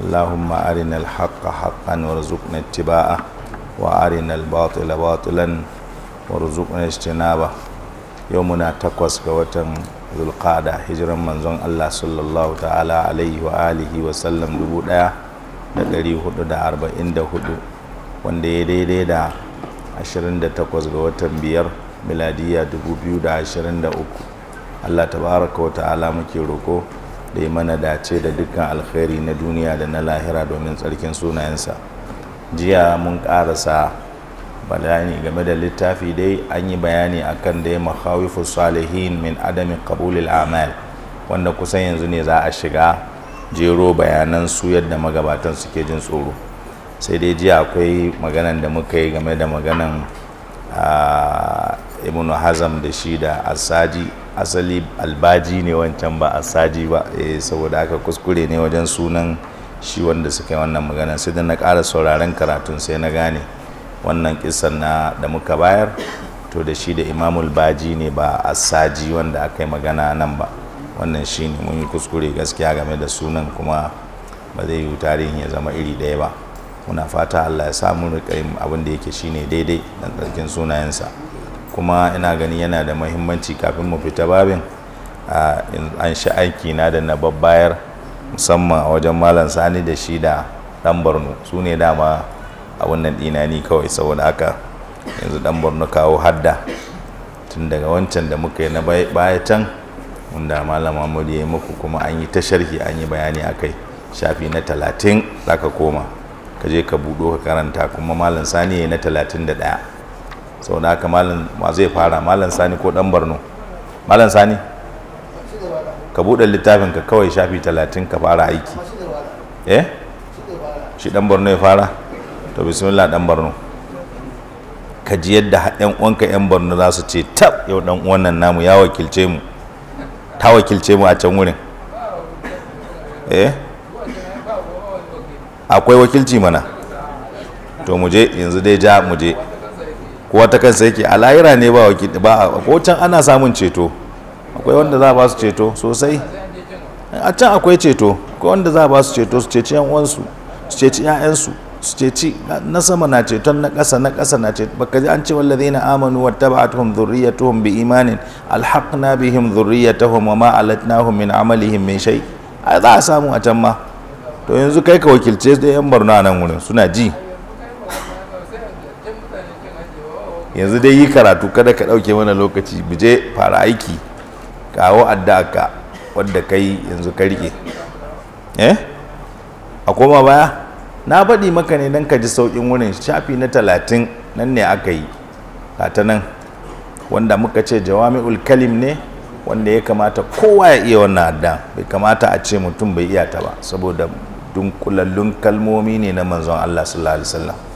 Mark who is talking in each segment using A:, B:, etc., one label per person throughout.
A: اللهم أرنا الحق حقا وارزقنا اتباعه وأرنا الباطل باطلا وارزقنا اجتنابه يومنا تقوس كوتن ذو القعدة هجرا من منزون الله صلى الله تعالى عليه وآله وسلم لبودا دبودا da ɗari hudu da arba'in da hudu wanda ya daidai da 28 ga watan biyar miladiya عشرين دا tabaraka الله تبارك وتعالى مكيروكو da yi mana dace da dukkan alkhairi na duniya da na lahira domin tsarkin sunayensa jiya mun karasa bayani game da littafi dai an yi bayani akan da ya makhawifu salihin min adamin kabulil amal wanda kusan yanzu ne za a shiga jero bayanan su yadda magabatan suke jin tsoro sai dai jiya akwai maganan da muka yi game da maganan ah, ibnu hazam da shi da asaji asali albaji ne wancan ba asaji ba eh saboda haka kuskure ne wajen sunan shi wanda suka yi wannan magana sai da na ƙara sauraren karatun sai na gane wannan kisan na da muka bayar to da shi da imamul baji ne ba asaji wanda aka yi magana nan ba wannan shi mun yi kuskure gaskiya game da sunan kuma ba zai yi tarihin ya zama iri daya ba muna fata allah ya samu rikarin abin da yake shine daidai dan ɗarkin sunayensa kuma ina gani yana da mahimmanci kafin mu fita babin an shi aiki na da na babbayar musamman a wajen malam sani da shi da dan borno su ne dama a wannan ɗina ni kawai saboda haka yanzu dan borno kawo hadda tun daga wancan da muka yi na baya can wanda malam amuri ya yi muku kuma an yi ta sharhi an yi bayani a kai shafi na talatin za ka koma ka je ka buɗo ka karanta kuma malam sani ya yi na talatin da ɗaya sau da haka malam ma zai fara malam sani ko dan barno malam sani ka buɗe littafin ka kawai shafi talatin ka fara aiki eh shi dan barno ya fara to bismillah dan barno ka ji yadda yan uwanka yan barno za su ce tab yau dan wannan namu ya wakilce mu ta wakilce mu a can wurin eh akwai wakilci mana to mu je yanzu dai ja mu je kowa ta kansa yake a lahira ne ba wakili ba ko can ana samun ceto akwai wanda za a ba su ceto sosai a can akwai ceto akwai wanda za a ba su ceto su ceci yan uwansu su ceci ƴaƴansu su ceci na sama na ceton na ƙasa na ƙasa na ceton baka ji an ce wallazina amanu wattaba'atuhum dhurriyyatuhum bi imanin alhaqna bihim dhurriyyatahum wa ma alatnahum min amalihim min shay a za a samu a can ma to yanzu kai ka wakilce da yan barna nan wurin suna ji yanzu dai yi karatu kada ka dauke mana lokaci bije fara aiki kawo addaka wadda kai yanzu ka rike eh a koma baya na baɗi maka ne don ka ji sauƙin wurin shafi na talatin nan ne aka yi ta nan wanda muka ce jawami'ul kalim ne wanda ya kamata kowa ya iya wannan adda bai kamata a ce mutum bai iya ta ba saboda dunkulallun kalmomi ne na manzon Allah sallallahu alaihi wasallam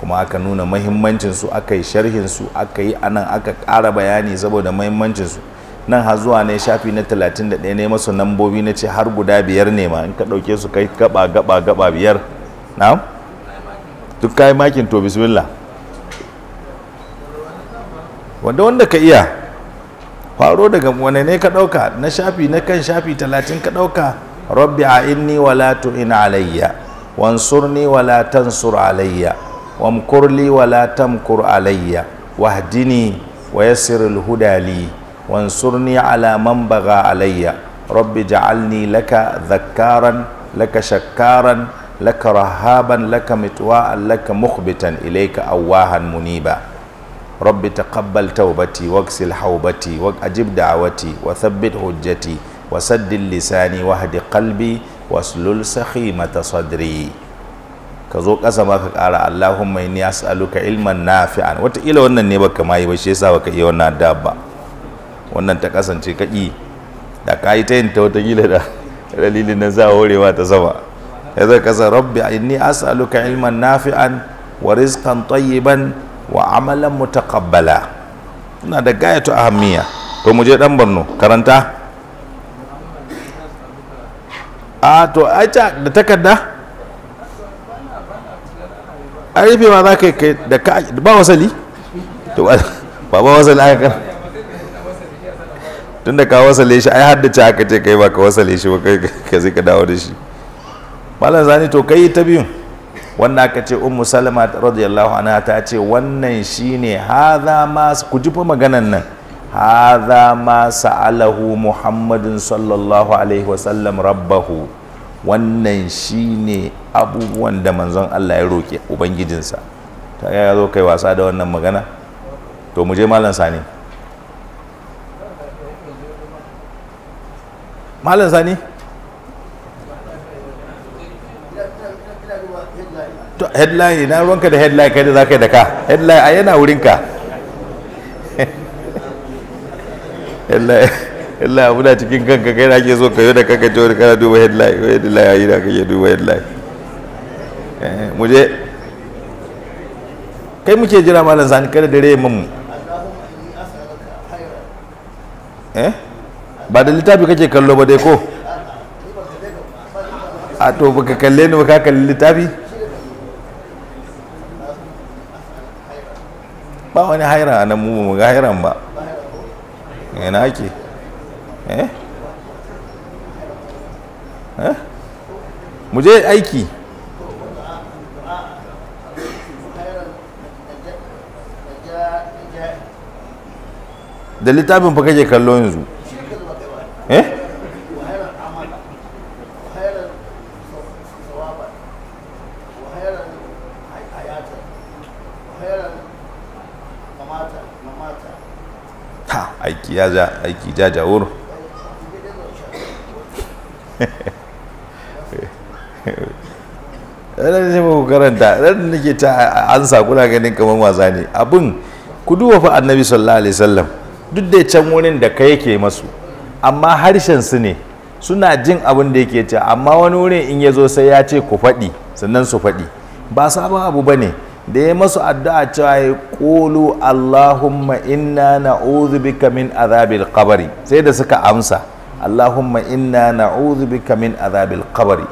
A: kuma aka nuna mahimmancin su aka yi sharhin su aka yi anan aka ƙara bayani saboda mahimmancin su nan har zuwa ne shafi na 31 ne masu nambobi na ce har guda biyar ne ma in ka ɗauke su kai gaba gaba gaba biyar na duk kayi makin to bismillah wanda wanda ka iya faro daga wane ne ka ɗauka na shafi na kan shafi 30 ka ɗauka rabbi a inni wala ina alayya wansurni wala tansur alayya وامكر لي ولا تمكر علي واهدني ويسر الهدى لي وانصرني على من بغى علي رب اجعلني لك ذكارا لك شكارا لك رهابا لك متواء لك مخبتا إليك أواها منيبا رب تقبل توبتي واغسل حوبتي واجب دعوتي وثبت حجتي وسد لساني واهد قلبي واسلل سخيمة صدري ka zo ƙasa ma ka ƙara Allahumma inni as'aluka ilman nafi'an wata ila wannan ne baka mai ba shi yasa baka iya wannan dabba, ba wannan ta kasance kaki da ka yi ta yin ta ila da dalilin nan za a horewa ta sama ya zai kasa rabbi inni as'aluka ilman nafi'an wa rizqan tayyiban wa amalan mutaqabbala ina da gayatu ahammiya to mu je dan Borno karanta a to aita da takarda a ma za ka yi da ka ba wasali ba ba wasali aka kan tun da ka wasale shi ai haddace aka ce kai ba ka wasale shi ba kai ka zai ka dawo da shi malam zani to kai ta biyun wanda aka ce ummu salama radiyallahu anha ta ce wannan shine hadha ma ku ji fa maganan nan hadha ma sa'alahu muhammadin sallallahu alaihi wasallam rabbahu wannan shine abubuwan da manzon Allah ya roƙe ubangijinsa ta ya zo kai wasa da wannan magana to mu je malam sani malam sani to headline na ruwanka da headline kai da za ka yi da ka headline a yana wurinka headline Allah muna cikin kanka kai nake so ka yi da kanka cewa kana duba headline headline yayi da kake duba headline eh mu je kai muke jira malam zani kada dare mun eh ba da littafi kake kallo ba dai ko a to baka kalle ni ba ka kalli littafi ba wani haira nan mu mu ga hairan ba yana ake eh, eh? mu je aiki da littafin fa kake kallo yanzu eh aiki ya ja aiki ja jawur ɗan ne mu karanta ɗan nake ta ansa kuna ganin kamar wasa ne abin ku duba fa annabi sallallahu alaihi wasallam duk da can wurin da kai yake masu amma harshen su ne suna jin abin da yake ce amma wani wurin in ya zo sai ya ce ku faɗi sannan su faɗi ba sabon abu bane da ya masu addu'a cewa ya ƙulu allahumma inna na'udhu bika min azabil kabari sai da suka amsa Allahumma inna na'udhu bika min azabil qabri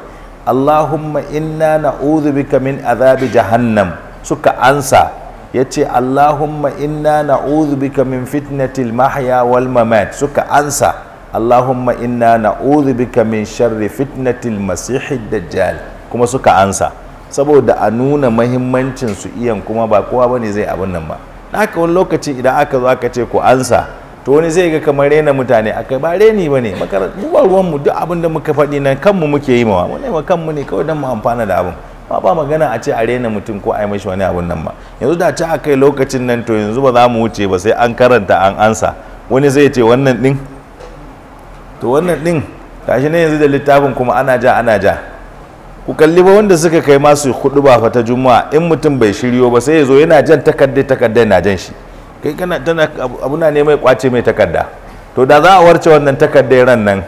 A: Allahumma inna na'udhu bika min azabi jahannam suka ansa yace Allahumma inna na'udhu bika min fitnatil mahya wal suka ansa Allahumma inna na'udhu bika min sharri fitnatil masihid dajjal kuma suka ansa saboda a nuna mahimmancin su iyan kuma ba kowa ne zai abin nan ba haka wani lokaci idan aka zo aka ce ku ansa to wani zai ga kamar rena mutane a kai ba reni ba ne ba ruwanmu duk abin da muka faɗi nan kanmu muke yi mawa wani ma kanmu ne kawai don mu amfana da abin ba ba magana a ce a rena mutum ko a yi mashi wani abin nan ba yanzu da ci a kai lokacin nan to yanzu ba za mu wuce ba sai an karanta an ansa wani zai ce wannan ɗin to wannan ɗin shi ne yanzu da littafin kuma ana ja ana ja ku kalli ba wanda suka kai masu hudu ba fata juma'a in mutum bai shiryo ba sai ya zo yana jan takardai takardai na jan shi kai kana tana na ne mai kwace mai takarda to da za a warce wannan takardar ran nan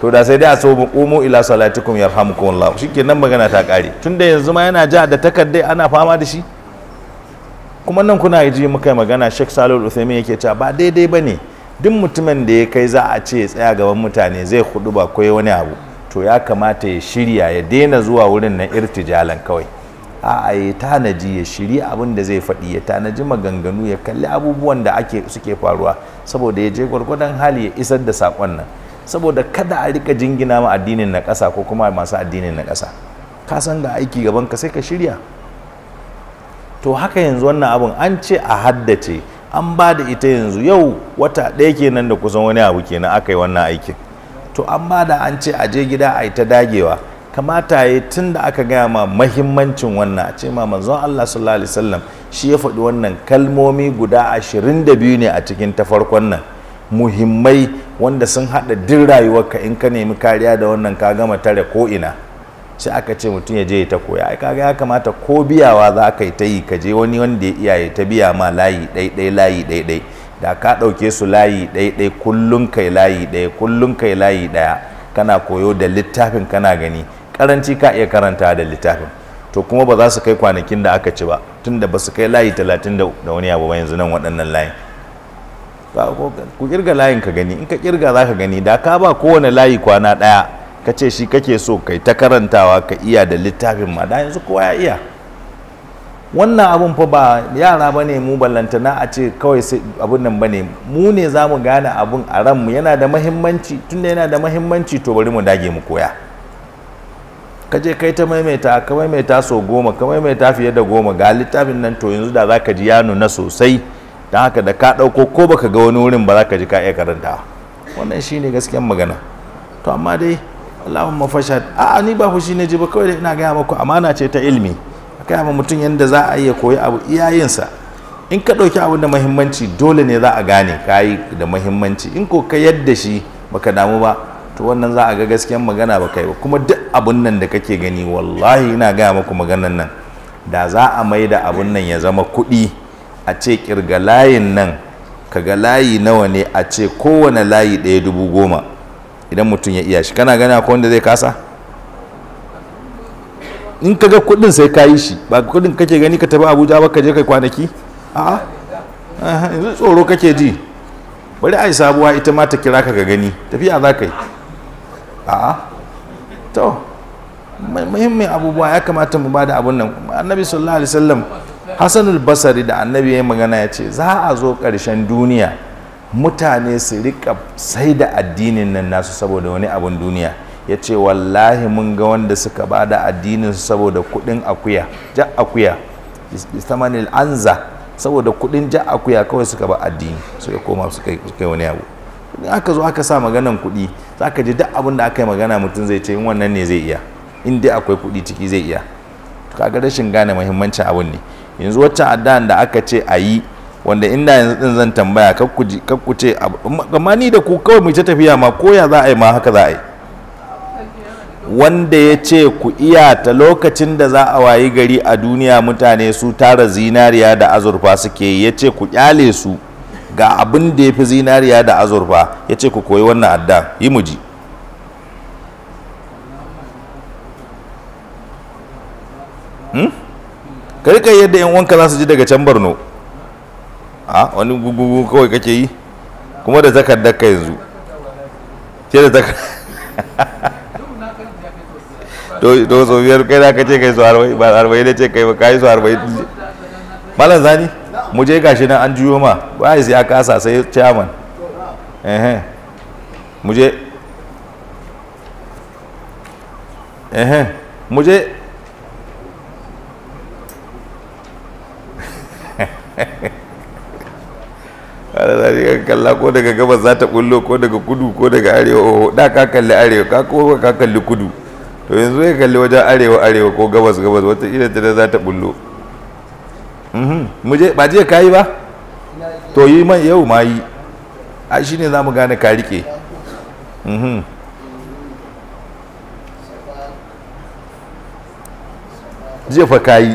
A: to da sai dai a so mu ila salatikum yarhamukumullah shikenan magana ta kare tunda yanzu ma yana ja da takarda ana fama da shi kuma nan kuna ji muka magana Sheikh Salih Uthaymeen yake cewa ba daidai bane duk mutumin da ya kai za a ce tsaya gaban mutane zai hudu ba koyi wani abu to ya kamata ya shirya ya daina zuwa wurin nan irtijalan kawai a ya tanaji ya shiri abin da zai faɗi ya tanaji maganganu ya kalli abubuwan da ake suke faruwa saboda ya je gwargwadon hali ya isar da saƙon nan saboda kada a rika jingina ma addinin na ƙasa ko kuma masu addinin na ƙasa ka san ga aiki gaban ka sai ka shirya to haka yanzu wannan abun an ce a haddace an ba da ita yanzu yau wata ɗaya kenan da kusan wani abu kenan aka yi wannan aikin to an ba da an ce a je gida a ita dagewa kamata ya tun da aka gaya ma mahimmancin wannan a ce ma manzon Allah sallallahu alaihi wasallam shi ya faɗi wannan kalmomi guda ashirin da biyu ne a cikin tafarkon nan muhimmai wanda sun haɗa din rayuwarka in ka nemi kariya da wannan ka gama tare ko ina sai aka ce mutum ya je ya ta koya ai kaga ya kamata ko biyawa za ka yi ta yi ka je wani wanda ya iyaye ta biya ma layi ɗaiɗai layi ɗaiɗai da ka ɗauke su layi ɗaiɗai kullum kai layi ɗaya kullum kai layi ɗaya kana koyo da littafin kana gani karanci ka iya karanta da littafin to kuma ba za su kai kwanakin da aka ci ba tun da ba su kai layi talatin da wani abu ba yanzu nan waɗannan layin ku kirga layin ka gani in ka kirga za ka gani da ka ba kowane layi kwana ɗaya ka ce shi kake so kai ta karantawa ka iya da littafin ma da yanzu kowa ya iya wannan abun fa ba yara ba ne mu ballantana a ce kawai abun nan ba ne mu ne za mu gane abun a ranmu yana da mahimmanci tunda yana da mahimmanci to bari mu dage mu koya ka je kai ta maimaita ka maimaita so goma ka maimaita fiye da goma ga littafin nan to yanzu da za ka ji ya nuna sosai don haka da ka ɗauko ko baka ga wani wurin ba za ka ji ka iya karanta wannan shi ne gaskiyan magana to amma dai allahun fashad a ni ba fushi ne ji ba kawai da ina gaya maku amana ce ta ilimi kai ma mutum yadda za a iya koyi abu iyayensa in ka ɗauki abu da mahimmanci dole ne za a gane kayi da mahimmanci in ko ka yadda shi baka damu ba to wannan za a ga gaskiyan magana ba kai ba kuma duk abun nan da kake gani wallahi ina gaya maku maganan nan da za a mai da abun nan ya zama kuɗi a ce kirga layin nan ka ga layi nawa ne a ce kowane layi ɗaya dubu goma idan mutum ya iya shi kana gani ko wanda zai kasa in ka ga kuɗin sai ka yi shi ba kuɗin kake gani ka tafi abuja ba ka je kai kwanaki a'a yanzu tsoro kake ji bari a yi sabuwa ita ma ta kira ka ga gani tafiya za ka yi a'a to muhimmin abubuwa ya kamata mu bada abun nan annabi sallallahu alaihi wasallam hasanul basari da annabi ya magana ya ce za a zo ƙarshen duniya mutane su rika sai da addinin nan nasu saboda wani abun duniya ya ce wallahi mun ga wanda suka ba da addinin su saboda kuɗin akuya ja akuya istamanil anza saboda kuɗin ja akuya kawai suka ba addini suka koma suka yi wani abu in aka zo aka sa maganan kuɗi za ka ji duk abin da aka yi magana mutum zai ce in wannan ne zai iya in dai akwai kuɗi ciki zai iya to kaga rashin gane muhimmancin abin ne yanzu waccan addan da aka ce a yi wanda inda yanzu din zan tambaya kar ku ce amma ni da ku kawai mu ta tafiya ma ko za a yi ma haka za a yi wanda ya ce ku iya ta lokacin da za a wayi gari a duniya mutane su tara zinariya da azurfa suke ya ce ku kyale su ga abin da ya fi zinariya da azurfa ya ce ku koyi wannan adda yi mu ji hmm? karka yadda yan wanka za su ji daga can barno a wani gugugu kawai kake yi kuma da takardar ka yanzu ce da takardar to so biyar kai na ka ce kai su arba'in ba arba'in da ce kai ba ka yi su arba'in malam zani mu je gashi nan an juyo ma ba ya kasa sai chairman eh mu je ehe mu je kalla ko daga gabas za ta bullo ko daga kudu ko daga arewa da ka kalli arewa ka ko ka kalli kudu to yanzu ya kalli wajen arewa arewa ko gabas gabas wata ila ta za ta bullo Mhm. muje ba je ka ba to yi man yau ma yi a shi ne za gane ka rike mhm. jefa ka yi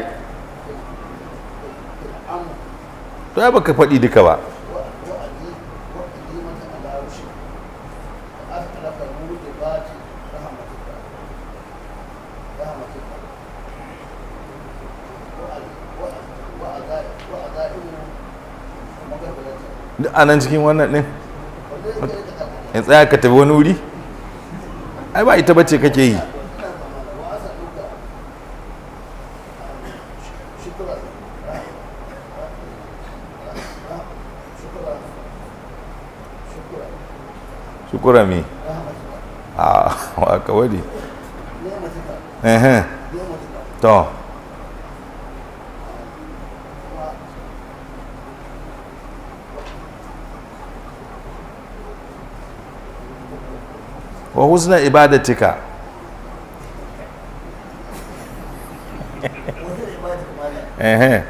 A: to ya baka faɗi duka ba a nan cikin wannan ɗin in tsaya ka tafi wani wuri ai ba ita bace kake yi shukurami ah, a kawai to wa husna ibadatika ehe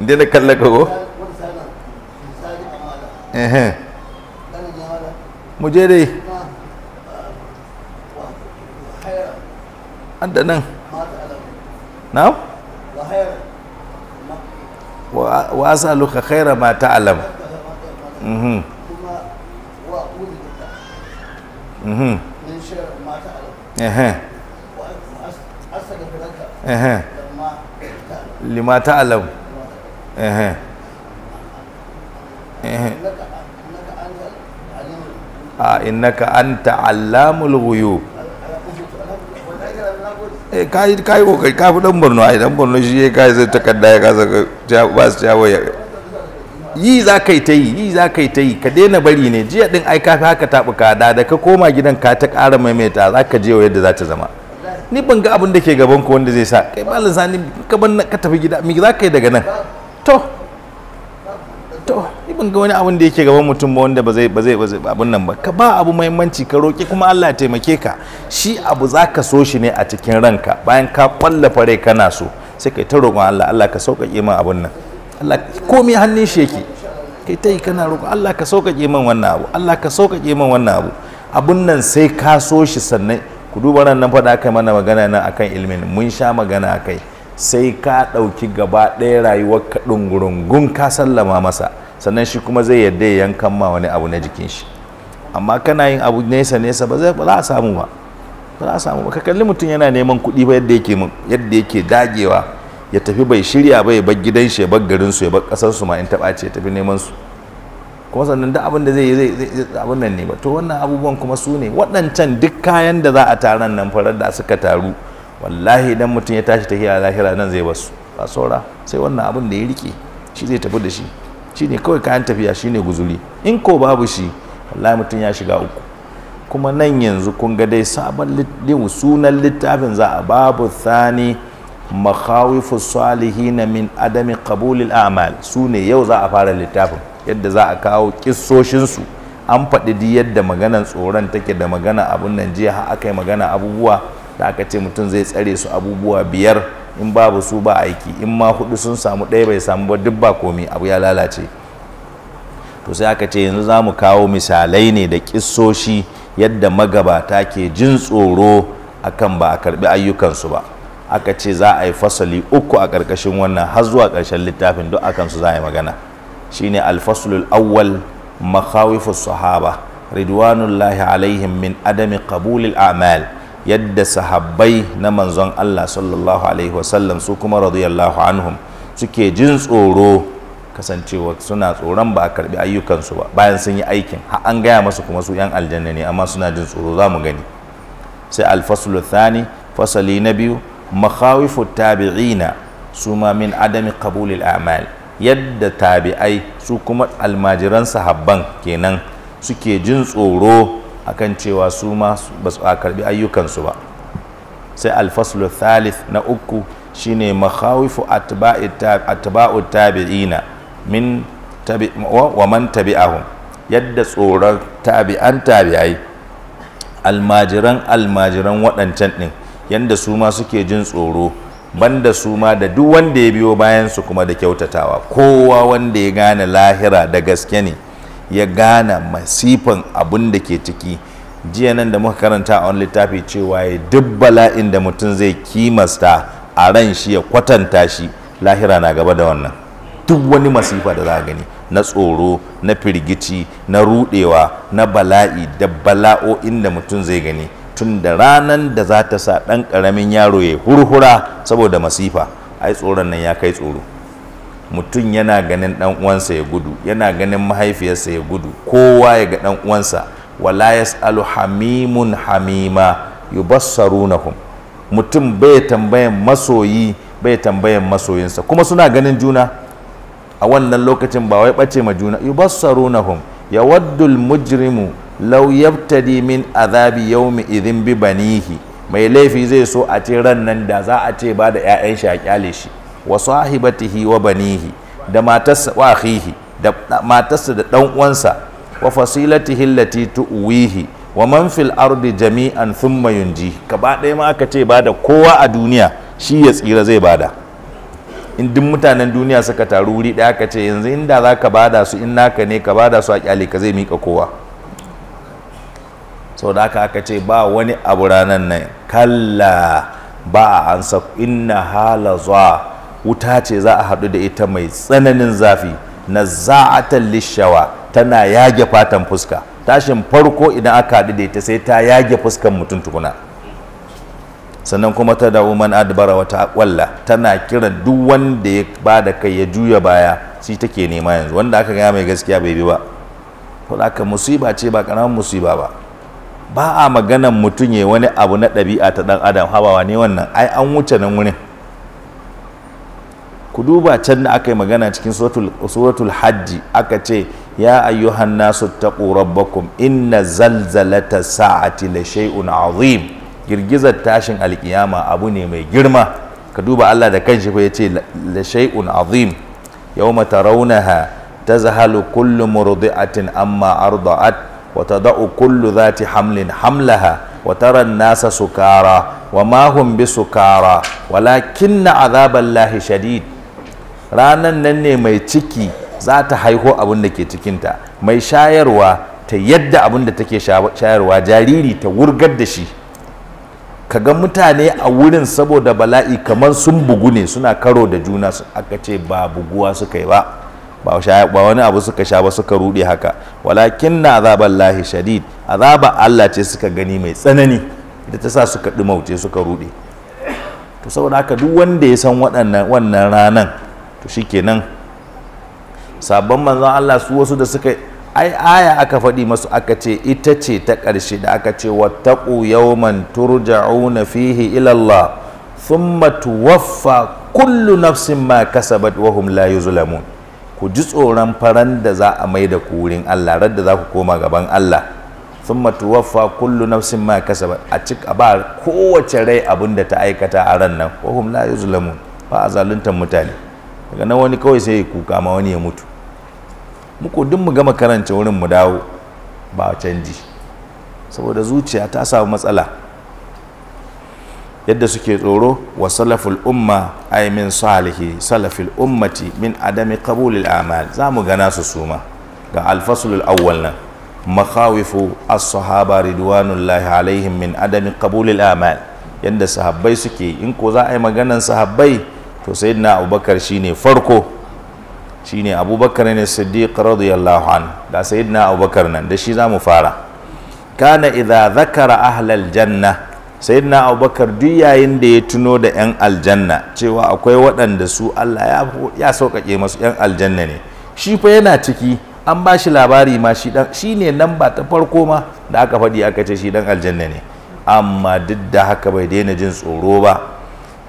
A: dina kalle ko ehe mu je dai an da nan na'am wa khaira ma ta'lam mhm mhm lima ta'lam eh eh a innaka anta allamul ghuyub Eh, kai kai kokari ka fi dan borno ai dan borno shi ya kai zai takarda ya kasa ba su jawo waya yi za ka yi ta yi yi za ka yi ta yi ka daina bari ne jiya din ai ka haka taɓa ka da da ka koma gidan ka ta ƙara maimaita za ka je yadda za ta zama ni ban ga abin da ke gaban ku wanda zai sa kai malam sani ka ban ka tafi gida mi za ka yi daga nan to to ban ga wani abin da yake gaban mutum ba wanda ba zai ba zai abin nan ba ka ba abu muhimmanci ka roƙi kuma Allah ya taimake ka shi abu za ka so shi ne a cikin ranka bayan ka kwallafa rai kana so sai kai ta roƙon Allah Allah ka sauƙaƙe min abin nan Allah komai hannun shi yake kai ta yi kana roƙo Allah ka sauƙaƙe min wannan abu Allah ka sauƙaƙe min wannan abu abun nan sai ka so shi sannan ku duba ran nan faɗa kai mana magana nan akan ilmin mun sha magana akai sai ka ɗauki gaba ɗaya rayuwar ka ɗungurungun ka sallama masa sannan shi kuma zai yarda ya yankan ma wani abu na jikin shi amma kana yin abu nesa nesa ba zai a samu ba ba za a samu ba ka kalli mutum yana neman kuɗi ba yadda yake yadda dagewa ya tafi bai shirya ba ya bar gidan shi ya bar garin su ya bar ƙasar ma in taɓa ce ya tafi neman su kuma sannan duk abin da zai yi zai abin nan ne ba to wannan abubuwan kuma su ne waɗancan duk kayan da za a taron nan farar da suka taru wallahi idan mutum ya tashi ta tafiya lahira nan zai basu ba saura sai wannan abin da ya rike shi zai tafi da shi shine kawai kayan tafiya shine guzuli in ko babu shi wallahi mutum ya shiga uku kuma nan yanzu kun ga dai sabon sunan littafin za a babu thani makhawifu na min adami qabulil a'mal su ne yau za a fara littafin yadda za a kawo kisoshinsu an faɗi di yadda maganar tsoron take da magana abun nan jiya aka yi magana abubuwa da aka ce mutum zai tsare su abubuwa biyar in babu su ba aiki in ma hudu sun samu ɗaya bai samu ba duk ba komi abu ya lalace to sai aka ce yanzu za mu kawo misalai ne da kissoshi yadda magabata ke jin tsoro akan ba a karbi ayyukansu ba aka ce za a yi fasali uku a ƙarƙashin wannan har zuwa ƙarshen littafin duk akansu kansu za a yi magana shine alfasulul awwal makhawifus sahaba ridwanullahi alaihim min adami qabulil a'mal yadda sahabbai na manzon Allah sallallahu alaihi wasallam su kuma radiyallahu anhum suke jin tsoro kasancewa suna tsoron ba a karbi ayyukansu ba bayan sun yi aikin ha an gaya masu kuma su yan aljanna ne amma suna jin tsoro za mu gani sai alfasulu thani fasali na biyu makhawifu tabi'ina su ma min adami qabulil a'mal yadda tabi'ai su kuma almajiran sahabban kenan suke jin tsoro akan cewa su ma ba su karbi ayyukansu ba sai alfaslu thalith na uku shine makhawifu atba'u tabi'ina min wa man tabi'ahum yadda tsoron tabi'an tabi'ai almajiran almajiran waɗancan ɗin yadda su ma suke jin tsoro banda su ma da duk wanda ya biyo bayan su kuma da kyautatawa kowa wanda ya gane lahira da gaske ne ya gane masifan abun da ke ciki jiya nan da muka karanta a wani littafi cewa ya duk bala'in da mutum zai kimasta a ran shi ya kwatanta shi lahira na gaba da wannan duk wani masifa da za a gani na tsoro na firgici na rudewa na bala'i da bala'o'in da mutum zai gani tun da ranan da za ta sa ɗan ƙaramin yaro ya hurhura saboda masifa ai tsoron nan ya kai tsoro mutum yana ganin dan uwansa ya gudu yana ganin mahaifiyarsa ya gudu kowa ya ga dan uwansa wala yasalu hamimun hamima yubassarunahum mutum bai tambayan masoyi bai tambayan masoyinsa kuma suna ganin juna a wannan lokacin ba wai bace ma juna yubassarunahum yawaddul mujrimu law yabtadi min azabi yawmi idhin bi banihi mai laifi zai so a ce ran nan da za a ce ba da 'ya'yan shi a kyale shi wa sahibatihi wa banihi da matarsa wa akhihi da matarsa da dan uwansa wa fasilatihi allati tuwihi wa man fil ardi jami'an thumma yunji kaba dai ma aka ce bada kowa a duniya shi ya tsira zai bada in duk mutanen duniya suka taru wuri ɗaya aka ce yanzu inda zaka bada su in naka ne ka bada su a kyale ka zai mika kowa sau da aka aka ce ba wani abu ranar nan kalla ba a ansa inna hala wuta ce za a haɗu da ita mai tsananin zafi na za'atan lishawa tana yage fatan fuska tashin farko idan aka haɗu da ita sai ta yage fuskan mutum tukuna sannan kuma ta da man adbara wata akwalla tana kiran duk wanda ya ba da kai ya juya baya shi take nema yanzu wanda aka gaya mai gaskiya bai bi ba to haka musiba ce ba karamin musiba ba ba a maganan mutum ya wani abu na ɗabi'a ta ɗan adam hawawa ne wannan ai an wuce nan wurin ku duba can da aka yi magana cikin suratul hajji aka ce ya ayyuhan nasu taqu rabbakum inna zalzalata sa'ati la shay'un azim girgizar tashin alkiyama abu ne mai girma ka duba Allah da kanshi fa yace la shay'un azim yawma ta tazhalu kullu murdi'atin amma arda'at wata da'u kullu dhati hamlin hamlaha wa tara an-nasa sukara wa ma hum bisukara walakinna 'adhaballahi shadid ranan nan ne mai ciki za ta haiho abin da ke cikinta mai shayarwa ta yadda abin da take shayarwa jariri ta wurgar da shi Ka ga mutane a wurin saboda bala'i kamar sun bugu ne suna karo da juna aka ce ba buguwa suka yi ba ba wani abu suka sha ba suka rude haka walakin na azaban lahi shadid azaba Allah ce suka gani mai tsanani ita ta sa suka ɗumauce suka rude to saboda haka duk wanda ya san waɗannan wannan ranan to shikenan sabon manzon Allah su wasu da suka ai aya aka faɗi masu aka ce ita ce ta ƙarshe da aka ce wattaqu yawman turja'una fihi ila Allah thumma tuwaffa kullu nafsin ma kasabat wa hum la yuzlamun ku ji tsoron faran da za a mai da kurin Allah Allah da za ku koma gaban Allah thumma tuwaffa kullu nafsin ma kasabat a cika ba kowace rai abin da ta aikata a ran nan wa hum la yuzlamun ba a zaluntar mutane daga nan wani kawai sai ya kuka ma wani ya mutu muku duk mu gama karanta wurin mu dawo ba canji saboda zuciya ta samu matsala yadda suke tsoro wa salaful umma ay min salihi salafil ummati min adami qabulil a'mal za mu gana su suma ga alfasulul awwal nan makhawifu as-sahaba ridwanullahi alaihim min adami qabulil a'mal yadda sahabbai suke in ko za a yi maganan sahabbai to sayyidina abubakar shi ne farko shi ne abubakar ne siddiq radiyallahu an da sayyidina abubakar nan da shi za mu fara kana idza zakara ahlal janna sayyidina abubakar duk yayin da ya tuno da yan aljanna cewa akwai waɗanda su Allah ya sauƙaƙe masu yan aljanna ne shi fa yana ciki an ba shi labari ma shi dan shi ne nan ba ta farko ma da aka faɗi aka ce shi dan aljanna ne amma duk da haka bai daina jin tsoro ba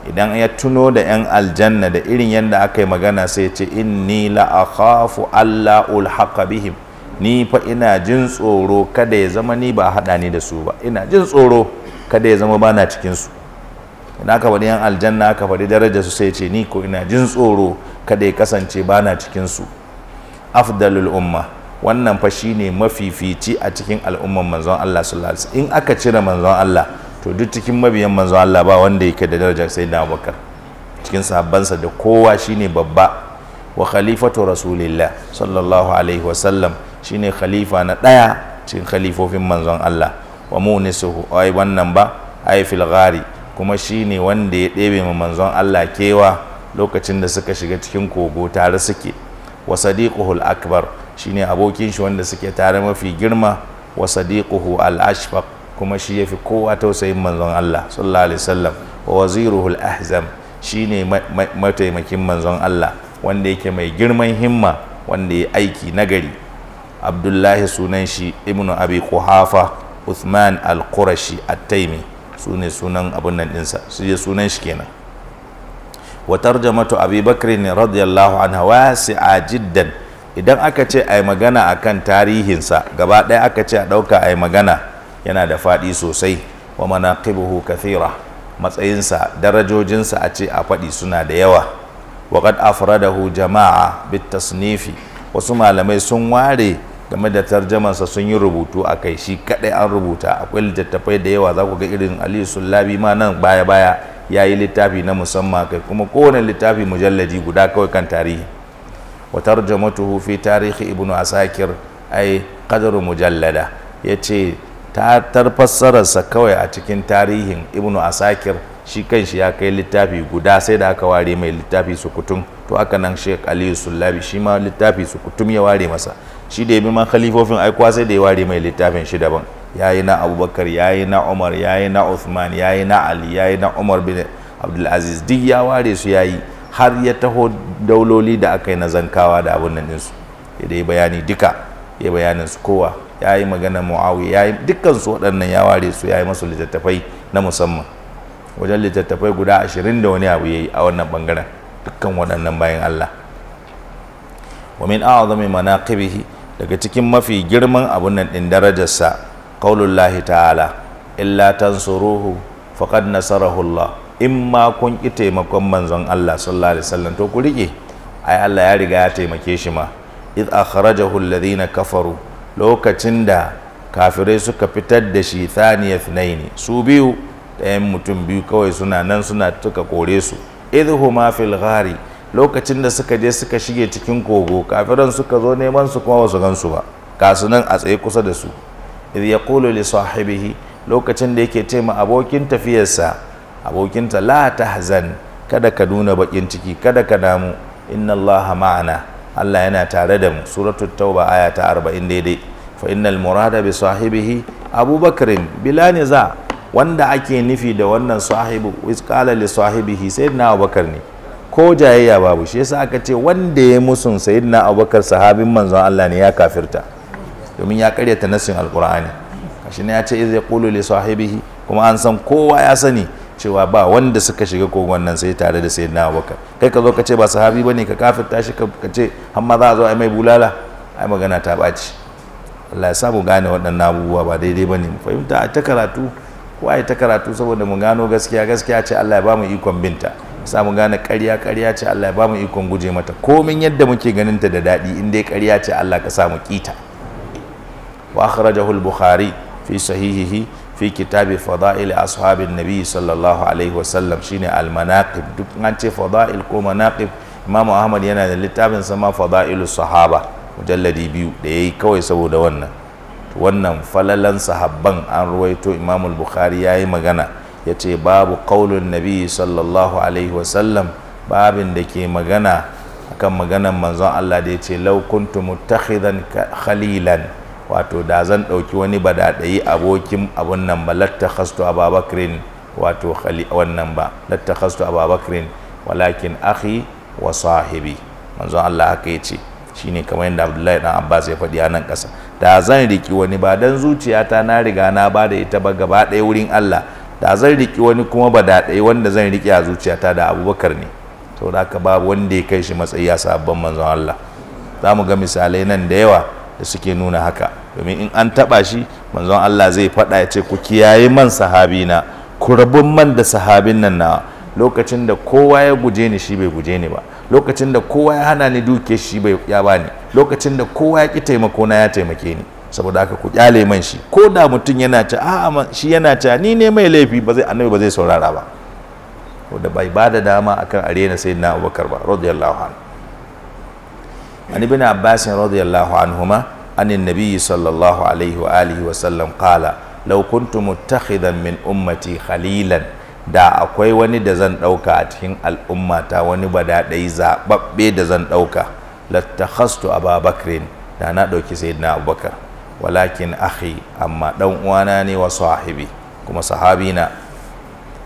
A: idan ya tuno da 'yan aljanna da irin yadda aka yi magana sai ce inni ni akhafu Allah ulhaqa bihim ni fa ina jin tsoro kada ya zama ni ba haɗa ni da su ba ina jin tsoro kada ya zama ba na cikinsu. Ina idan faɗi 'yan aljanna ka faɗi daraja su sai ce ni ko ina jin tsoro kada ya kasance ba na cikinsu. afdalul umma wannan fa shine mafifici a cikin al'umman manzon Allah sallallahu alaihi wasallam in aka cire manzon Allah to duk cikin mabiyan manzo Allah ba wanda yake da daraja sai na Abubakar cikin sahabbansa da kowa shine babba wa khalifatu rasulillah sallallahu alaihi wa sallam shine khalifa na daya cikin khalifofin manzon Allah wa munisuhu ai wannan ba ai fil ghari kuma shine wanda ya ɗebe ma manzon Allah kewa lokacin da suka shiga cikin kogo tare suke wa sadiquhu al akbar shine abokin shi wanda suke tare mafi girma wa sadiquhu al ashfaq kuma shi ya yafi kowa tausayin manzon Allah sallallahu alaihi wasallam wa waziruhul ahzam shine mataimakin manzon Allah wanda yake mai girman himma wanda ya aiki nagari abdullahi sunan shi ibnu abi quhafa uthman al-qurashi at-taimi sune sunan abun nan dinsa su je sunan shi kenan wa tarjamatu abi bakr radiyallahu anha a jiddan idan aka ce ai magana akan tarihinsa gaba ɗaya aka ce a ɗauka ai magana yana da faɗi sosai wa manaqibuhu kathira matsayinsa darajojinsa a ce a faɗi suna da yawa wa qad afradahu jama'a bit tasnifi wasu malamai sun ware game da tarjamansa sun yi rubutu a kai shi kadai an rubuta akwai littattafai da yawa za ku ga irin aliyu sullabi ma nan baya baya ya yi littafi na musamman kai kuma kowane littafi mujalladi guda kawai kan tarihi wa tarjamatuhu fi tarihi ibnu asakir ai qadru mujallada yace ta tarfassararsa kawai a cikin tarihin ibnu asakir shi kan shi ya kai littafi guda sai da aka ware mai littafi sukutum to aka nan sheik aliyu sullabi shi ma littafi sukutum ya ware masa shi da ya bi ma khalifofin aikuwa sai da ya ware mai littafin shi daban ya yi na abubakar ya yi na umar ya yi na uthman ya yi na ali ya yi na umar bin abdulaziz duk ya ware su ya yi har ya taho dauloli da aka yi na zankawa da abin nan ɗinsu ya dai bayani duka ya bayanin su kowa ya yi magana muawiya ya yi dukkansu waɗannan ya ware su ya yi masu littattafai na musamman wajen littattafai guda ashirin da wani abu ya yi a wannan ɓangaren dukkan waɗannan bayan allah wa min mana manaqibihi daga cikin mafi girman abun nan ɗin darajarsa kaulullahi ta'ala illa tansuruhu faqad nasara Allah in ma kun ki taimakon manzon Allah sallallahu alaihi wasallam to ku rike ai Allah ya riga ya taimake shi ma iz akhrajahu alladhina kafaru lokacin da kafirai suka fitar da shi thaniya thnaini su biyu ɗayan mutum biyu kawai suna nan suna tuka kore su idhuma fil ghari lokacin da suka je suka shige cikin kogo kafiran suka zo neman su kuma basu gansu ba kasu nan a tsaye kusa da su idh yaqulu li sahibihi lokacin da yake ce abokin tafiyarsa abokinta la tahzan kada ka nuna bakin ciki kada ka damu inna allaha ma'ana Allah yana tare da mu suratul tauba aya ta 40 daidai fa innal murada bi sahibihi abubakar bila za wanda ake nufi da wannan sahibu is qala li sahibihi sayyidina abubakar ne ko jayayya babu shi yasa aka ce wanda ya musun sayyidina abubakar sahabin manzon Allah ne ya kafirta domin ya karyata nasin alqur'ani kashi ne ya ce iz yaqulu li sahibihi kuma an san kowa ya sani cewa ba wanda suka shiga kogon nan sai tare da sayyidina abubakar kai ka zo ka ce ba sahabi bane ka kafirta shi ka ce har ma za a zo a mai bulala ai magana ta ɓaci Allah ya sa mu gane waɗannan abubuwa ba daidai bane mu fahimta a ta karatu ko a ta karatu saboda mu gano gaskiya gaskiya ce Allah ya ba mu ikon binta sa mu gane ƙarya ƙarya ce Allah ya ba mu ikon guje mata komin yadda muke ganin ta da daɗi in dai ƙarya ce Allah ka sa mu kita wa akhrajahu al-bukhari fi sahihihi fi kitabi fada'il ashabin nabi sallallahu alaihi wasallam shine al duk an ce fada'il ko manaqib imamu ahmad yana da littafin sama fada'ilu sahaba mujalladi biyu da yayi kawai saboda wannan wannan falalan sahabban an ruwaito imamu bukhari yayi magana yace babu qaulun nabi sallallahu alaihi wasallam babin da ke magana akan maganan manzon Allah da yace law kuntum muttakhidan khalilan wato da zan dauki wani badadai abokin abun nan ba lattakhastu ababakrin wato wannan ba lattakhastu ababakrin walakin akhi wa sahibi manzo Allah haka yace shine kamar yadda Abdullahi dan Abbas ya fadi a nan kasa da zan riki wani ba dan zuciyata na riga na ba da ita ba gaba daya wurin Allah da zan riki wani kuma badadai wanda zan riki a zuciyata da Abubakar ne saboda ka ba wanda ya kai shi matsayi a sabon manzo Allah zamu ga misalai nan da yawa da suke nuna haka domin in an taɓa shi manzon Allah zai faɗa ya ce ku kiyaye man sahabina ku rabun man da sahabin nan na lokacin da kowa ya guje ni shi bai guje ni ba lokacin da kowa ya hana ni duke shi bai ya bani lokacin da kowa ya ki taimako na ya taimake ni saboda haka ku kyale man shi ko da mutum yana ta a'a shi yana ta ni ne mai laifi ba zai annabi ba zai saurara ba da bai bada dama akan arena sayyidina Abubakar ba radiyallahu anhu an ibn abbas radiyallahu anhuma an annabi sallallahu alaihi wa alihi wa sallam qala law kuntu min ummati khalilan da akwai wani da zan ɗauka a cikin al'ummata wani badadai zababbe da zan dauka lattakhastu ababakrin da na dauki sayyidina abubakar walakin akhi amma ɗan uwana ne wa sahibi kuma sahabina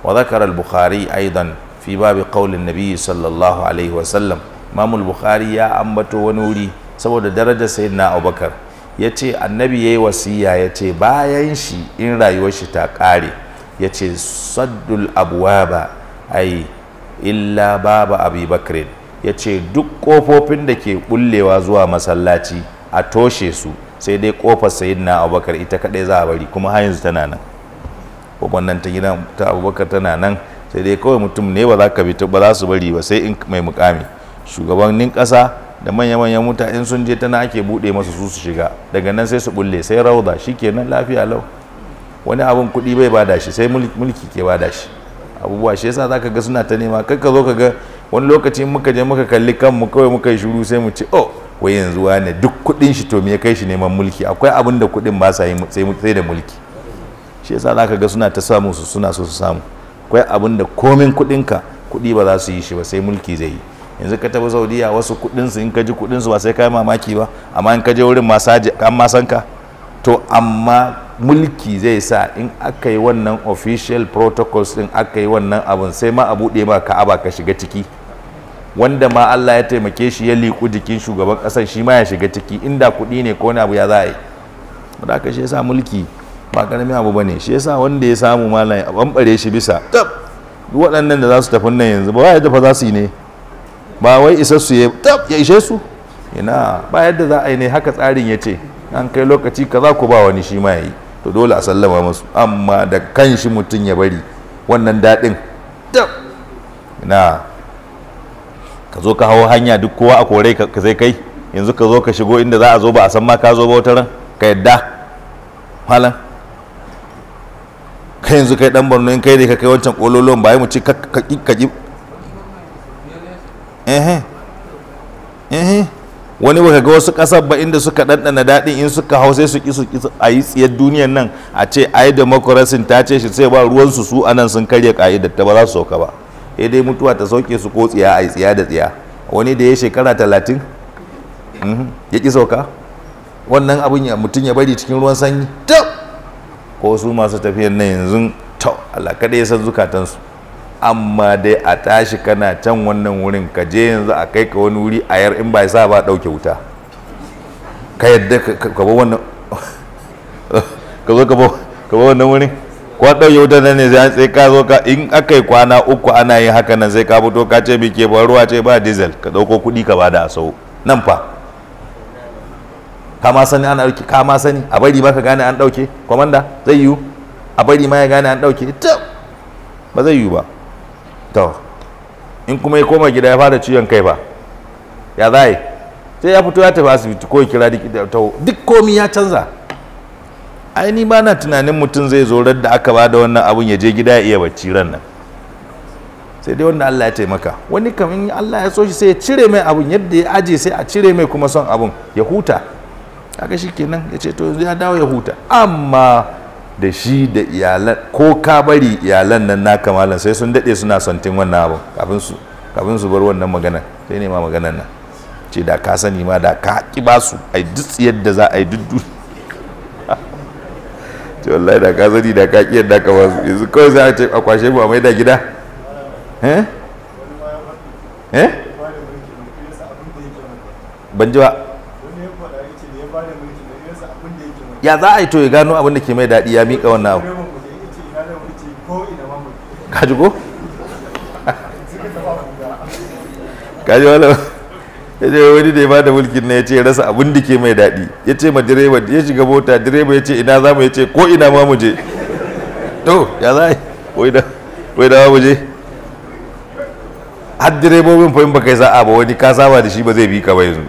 A: وذكر البخاري أيضا في باب قول النبي صلى الله عليه وسلم Imamul Bukhari ya ambato wani wuri saboda darajar Sayyidina Abubakar yace annabi yayi wasiya yace bayan shi in rayuwar shi ta kare yace saddul abwaba ai illa baba Abi Bakr yace duk kofofin da ke bullewa zuwa masallaci a toshe su sai dai kofar Sayyidina Abubakar ita kadai za bari kuma har yanzu tana nan wannan ta gidan ta Abubakar tana nan sai dai kawai mutum ne ba za ka bi ba za su bari ba sai in mai mukami shugabannin ƙasa da manya-manyan mutane sun je tana ake buɗe masa su su shiga daga nan sai su bulle sai rauda shi ke nan lafiya lau wani abin kuɗi bai bada shi sai mulki ke bada shi abubuwa shi yasa ka ga suna ta nema kai ka zo ka ga wani lokaci muka je muka kalli kanmu kawai muka yi shuru sai mu ce oh wai yanzu wane duk kuɗin shi to me ya kai shi neman mulki akwai abin da kuɗin ba sa yi sai da mulki shi yasa ka ga suna ta samu su suna so su samu akwai abin da komin kuɗinka kuɗi ba za su yi shi ba sai mulki zai yi yanzu ka tafi saudiya wasu su in ka ji su ba sai ka mamaki ba amma in ka je wurin masaji kan masan ka to amma mulki zai sa in aka yi wannan official protocols din aka yi wannan abun sai ma a buɗe ma ka'aba ka shiga ciki wanda ma Allah ya taimake shi ya liku jikin shugaban kasar shi ma ya shiga ciki inda kudi ne ko abu ya za a yi da aka shi yasa mulki ba ƙaramin abu bane shi yasa wanda ya samu malam a bambare shi bisa tab waɗannan da za su tafi nan yanzu ba wai da fa za su yi ne ba wai isa su ya tab ya ishe su ina ba yadda za a yi ne haka tsarin ya ce an kai lokaci kaza ku ba wani shi ma yi to dole a sallama musu amma da shi mutum ya bari wannan daɗin tab ina ka zo ka hawo hanya duk kowa a kore ka sai kai yanzu ka zo ka shigo inda za a zo ba a san ma ka zo ba wata ran ka yadda halan kai yanzu kai dan Borno in kai ne ka kai wancan kololon ba mu ci ka ka wani baka ga wasu kasar ba inda suka ɗanɗana daɗin in suka hau sai su ki su a yi tsiyar duniyar nan a ce ai democracy ta ce shi sai ba ruwansu su anan sun karya ka'idar ta ba za su sauka ba sai dai mutuwa ta sauke su ko tsiya a yi tsiya da tsiya wani da ya shekara talatin mhm, ya ki sauka wannan abin ya mutum ya bari cikin ruwan sanyi ta ko su masu tafiyan nan yanzu ta Allah kada ya san zukatansu amma dai a tashi kana can wannan wurin ka je yanzu a kai ka wani wuri a yar in ba sa ba ɗauke wuta ka yadda ka ba wannan ka zo ka ba wannan wurin ko ɗauke wuta nan ne sai ka zo ka in akai kwana uku ana yin haka nan sai ka fito ka ce ke ba ruwa ce ba diesel ka ɗauko kuɗi ka ba da sau nan fa ka ma sani ana dauke ka ma sani a bari ba ka gane an ɗauke kwamanda zai yiwu a bari ma ya gane an ɗauke ba zai yiwu ba to in kuma ya koma gida ya fara ciwon kai ba ya za yi sai ya fito ya tafi asibiti ko ya kira duk komi ya canza ai ni ba na tunanin mutum zai zo da aka ba da wannan abun ya je gida ya iya bacci ran nan sai dai wanda Allah ya taimaka wani kamin Allah ya so shi sai ya cire mai abun yadda ya aje sai a cire mai kuma son abun ya huta kaga kenan ya ce to ya dawo ya huta amma da shi da iyalan ko ka bari iyalan nan naka malam sai sun dade suna santin wannan abu kafin su kafin su bar wannan magana sai ne ma maganan nan ce da ka sani ma da ka ki ba su ai duk yadda za a yi duddu ce wallahi da ka sani da ka ki yadda ka ba su yanzu kawai za a ce a kwashe mu a mai da gida eh eh ban ji ba ya za a yi to ya gano abin da ke mai daɗi ya miƙa wannan abu kaji ko kaji wala ya ce wani da ya bada mulkin na ya ce rasa abin da ke mai daɗi ya ce ma direba ya shiga mota direba ya ce ina za mu ya ce ko ina ma mu je to ya za a yi ko ina ma mu je har direbobin fahim ba kai za'a ba wani ka saba da shi ba zai bi ka bai yanzu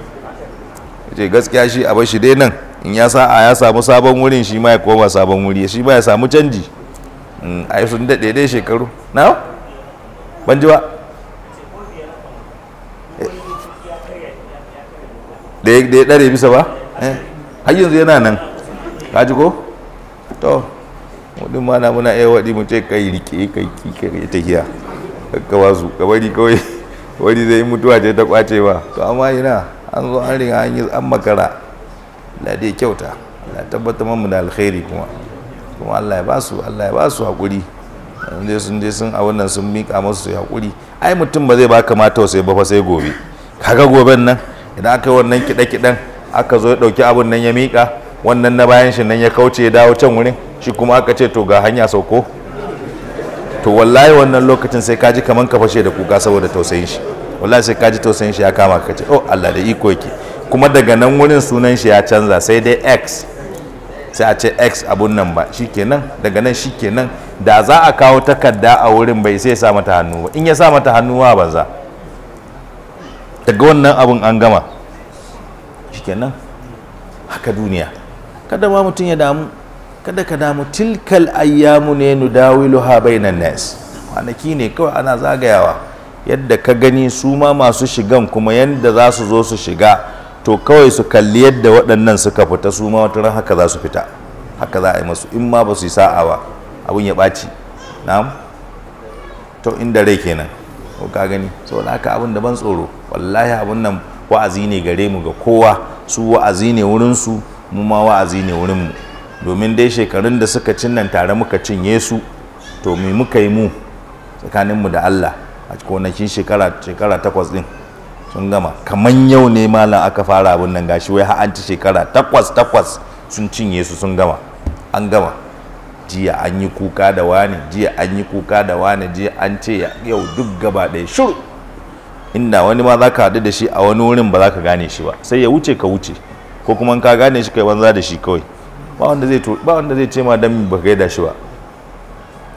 A: ya ce gaskiya shi a bar shi dai nan in ya sa a ya samu sabon wurin shi ma ya koma sabon wuri shi ma ya samu canji mm, a yi sun daɗe dai shekaru na ban ji ba da ya ɗare bisa ba eh, har yanzu yana nan ka ji ko to wadin ma na muna iya waɗi mu ce kai rike kai kike ta hiya kawa su ka bari kawai wani zai mutuwa ce ta kwace ba to amma ina an zo an riga an yi an makara Allah dai kyauta Allah tabbatar mu da alkhairi kuma kuma Allah ya ba su Allah ya ba su hakuri inda sun je sun a wannan sun mika masu su hakuri ai mutum ba zai baka ma sai ba fa sai gobe kaga goben nan idan aka yi wannan kiɗe kiɗen aka zo ya ɗauki abun nan ya mika wannan na bayan shi nan ya kauce ya dawo can wurin shi kuma aka ce to ga hanya sauko to wallahi wannan lokacin sai kaji kaman ka fashe da kuka saboda tausayin shi wallahi sai kaji tausayin shi ya kama ka ce oh Allah da iko yake kuma daga nan wurin sunan shi ya canza sai dai x sai a ce x abun nan ba shikenan daga nan shikenan da za a kawo takarda a wurin bai sai sa mata hannu ba in ya sa mata hannu ba banza daga wannan abun an gama shikenan haka duniya kada ma mutum ya damu kada ka damu tilkal ayyamu ne ha bainan nas kwanaki ne kawai ana zagayawa yadda ka gani su ma masu shigan kuma yadda za su zo su shiga to kawai su kalli yadda waɗannan suka fita su ma wata haka za su fita haka za a yi masu in ma ba su yi sa'a ba abin ya ɓaci na'am to inda rai kenan ko ka gani saboda haka abin da ban tsoro wallahi abin nan wa'azi ne gare mu ga kowa su wa'azi ne wurin su mu ma wa'azi ne wurin mu domin dai shekarun da suka cin nan tare muka cinye su to me muka yi mu tsakaninmu da Allah a cikin shekara shekara takwas din sun gama kaman yau ne malam aka fara abin nan gashi wai har an ci shekara takwas takwas sun cinye su sun gama an gama jiya an yi kuka da wani jiya an yi kuka da wani jiya an ce yau duk gaba ɗaya shur inda wani ma za ka haɗu da shi a wani wurin ba za ka gane shi ba sai ya wuce ka wuce ko kuma ka gane shi kai banza da shi kawai ba wanda zai ba wanda zai ce ma dan ba kai da shi ba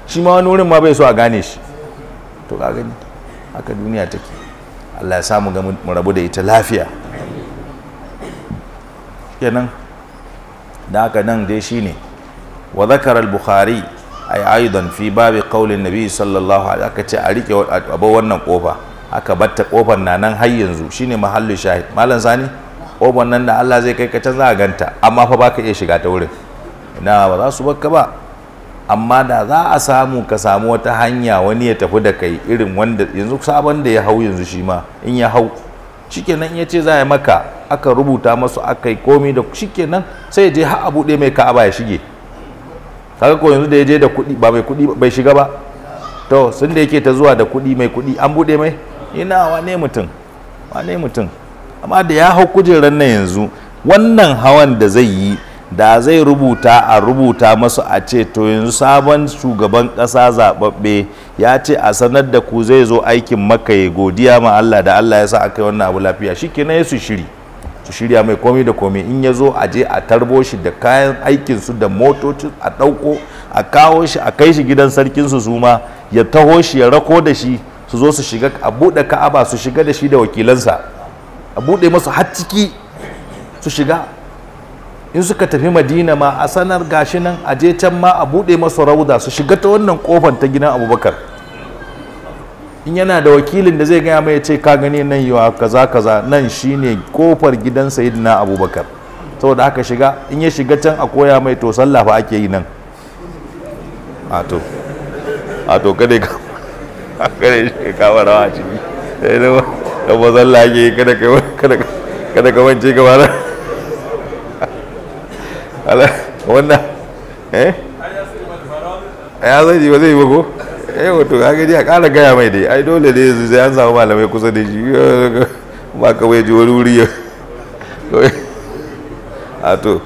A: shi ma wani wurin ma bai so a gane shi to ka gani haka duniya take Allah ya samu ga mu rabu da ita lafiya kenan da haka nan dai shine wa zakara al-bukhari ay aidan fi babi qaulin nabi sallallahu alaihi aka ce a rike abu wannan kofa aka batta kofar na nan har yanzu shine mahallu shahid malam sani kofar nan da Allah zai kai ka can za ganta amma fa baka iya shiga ta wurin ina ba za su bakka ba amma da za a samu ka samu wata hanya wani ya tafi da kai irin wanda yanzu sabon da ya hau yanzu shi ma in ya hau shikenan ya ce za yi maka aka rubuta masu aka yi komi da shikenan sai ya je har a buɗe mai ka'aba ya shige kaga ko yanzu da ya je da kuɗi ba mai kuɗi bai shiga ba to sun da yake ta zuwa da kuɗi mai kuɗi an buɗe mai ina wane mutum wane mutum amma da ya hau kujerar nan yanzu wannan hawan da zai yi da zai rubuta a rubuta masu a ce to yanzu sabon shugaban ƙasa zaɓaɓɓe ya ce a sanar da ku zai zo aikin maka ya godiya ma Allah da Allah ya sa aka yi wannan abu lafiya shi ke su shiri su shirya mai komi da komi in ya zo a je a tarbo shi da kayan aikinsu da motocin a ɗauko a kawo shi a kai shi gidan sarkinsu su ma ya taho shi ya rako da shi su zo su shiga a buɗe ka'aba su shiga da shi da wakilansa a buɗe masu har ciki su shiga in suka tafi madina ma a sanar gashi nan a je can ma a buɗe masa rauda su shiga ta wannan kofar ta gidan abubakar in yana da wakilin da zai gaya mai ce ka gani nan yiwa kaza kaza nan shine kofar gidan sayidina abubakar saboda haka shiga in ya shiga can a koya mai to sallah ba ake yi nan a to a to kada ka kada shi ka kawo rawa ciki sai da ba sallah ake yi kada ka wance gaba wannan eh ya zai ji ba zai yi ba ko eh wato ka gaji a ƙara gaya mai dai ai dole ne yanzu sai an samu malamai kusa da shi ba ka wai ji wani wuri ya a to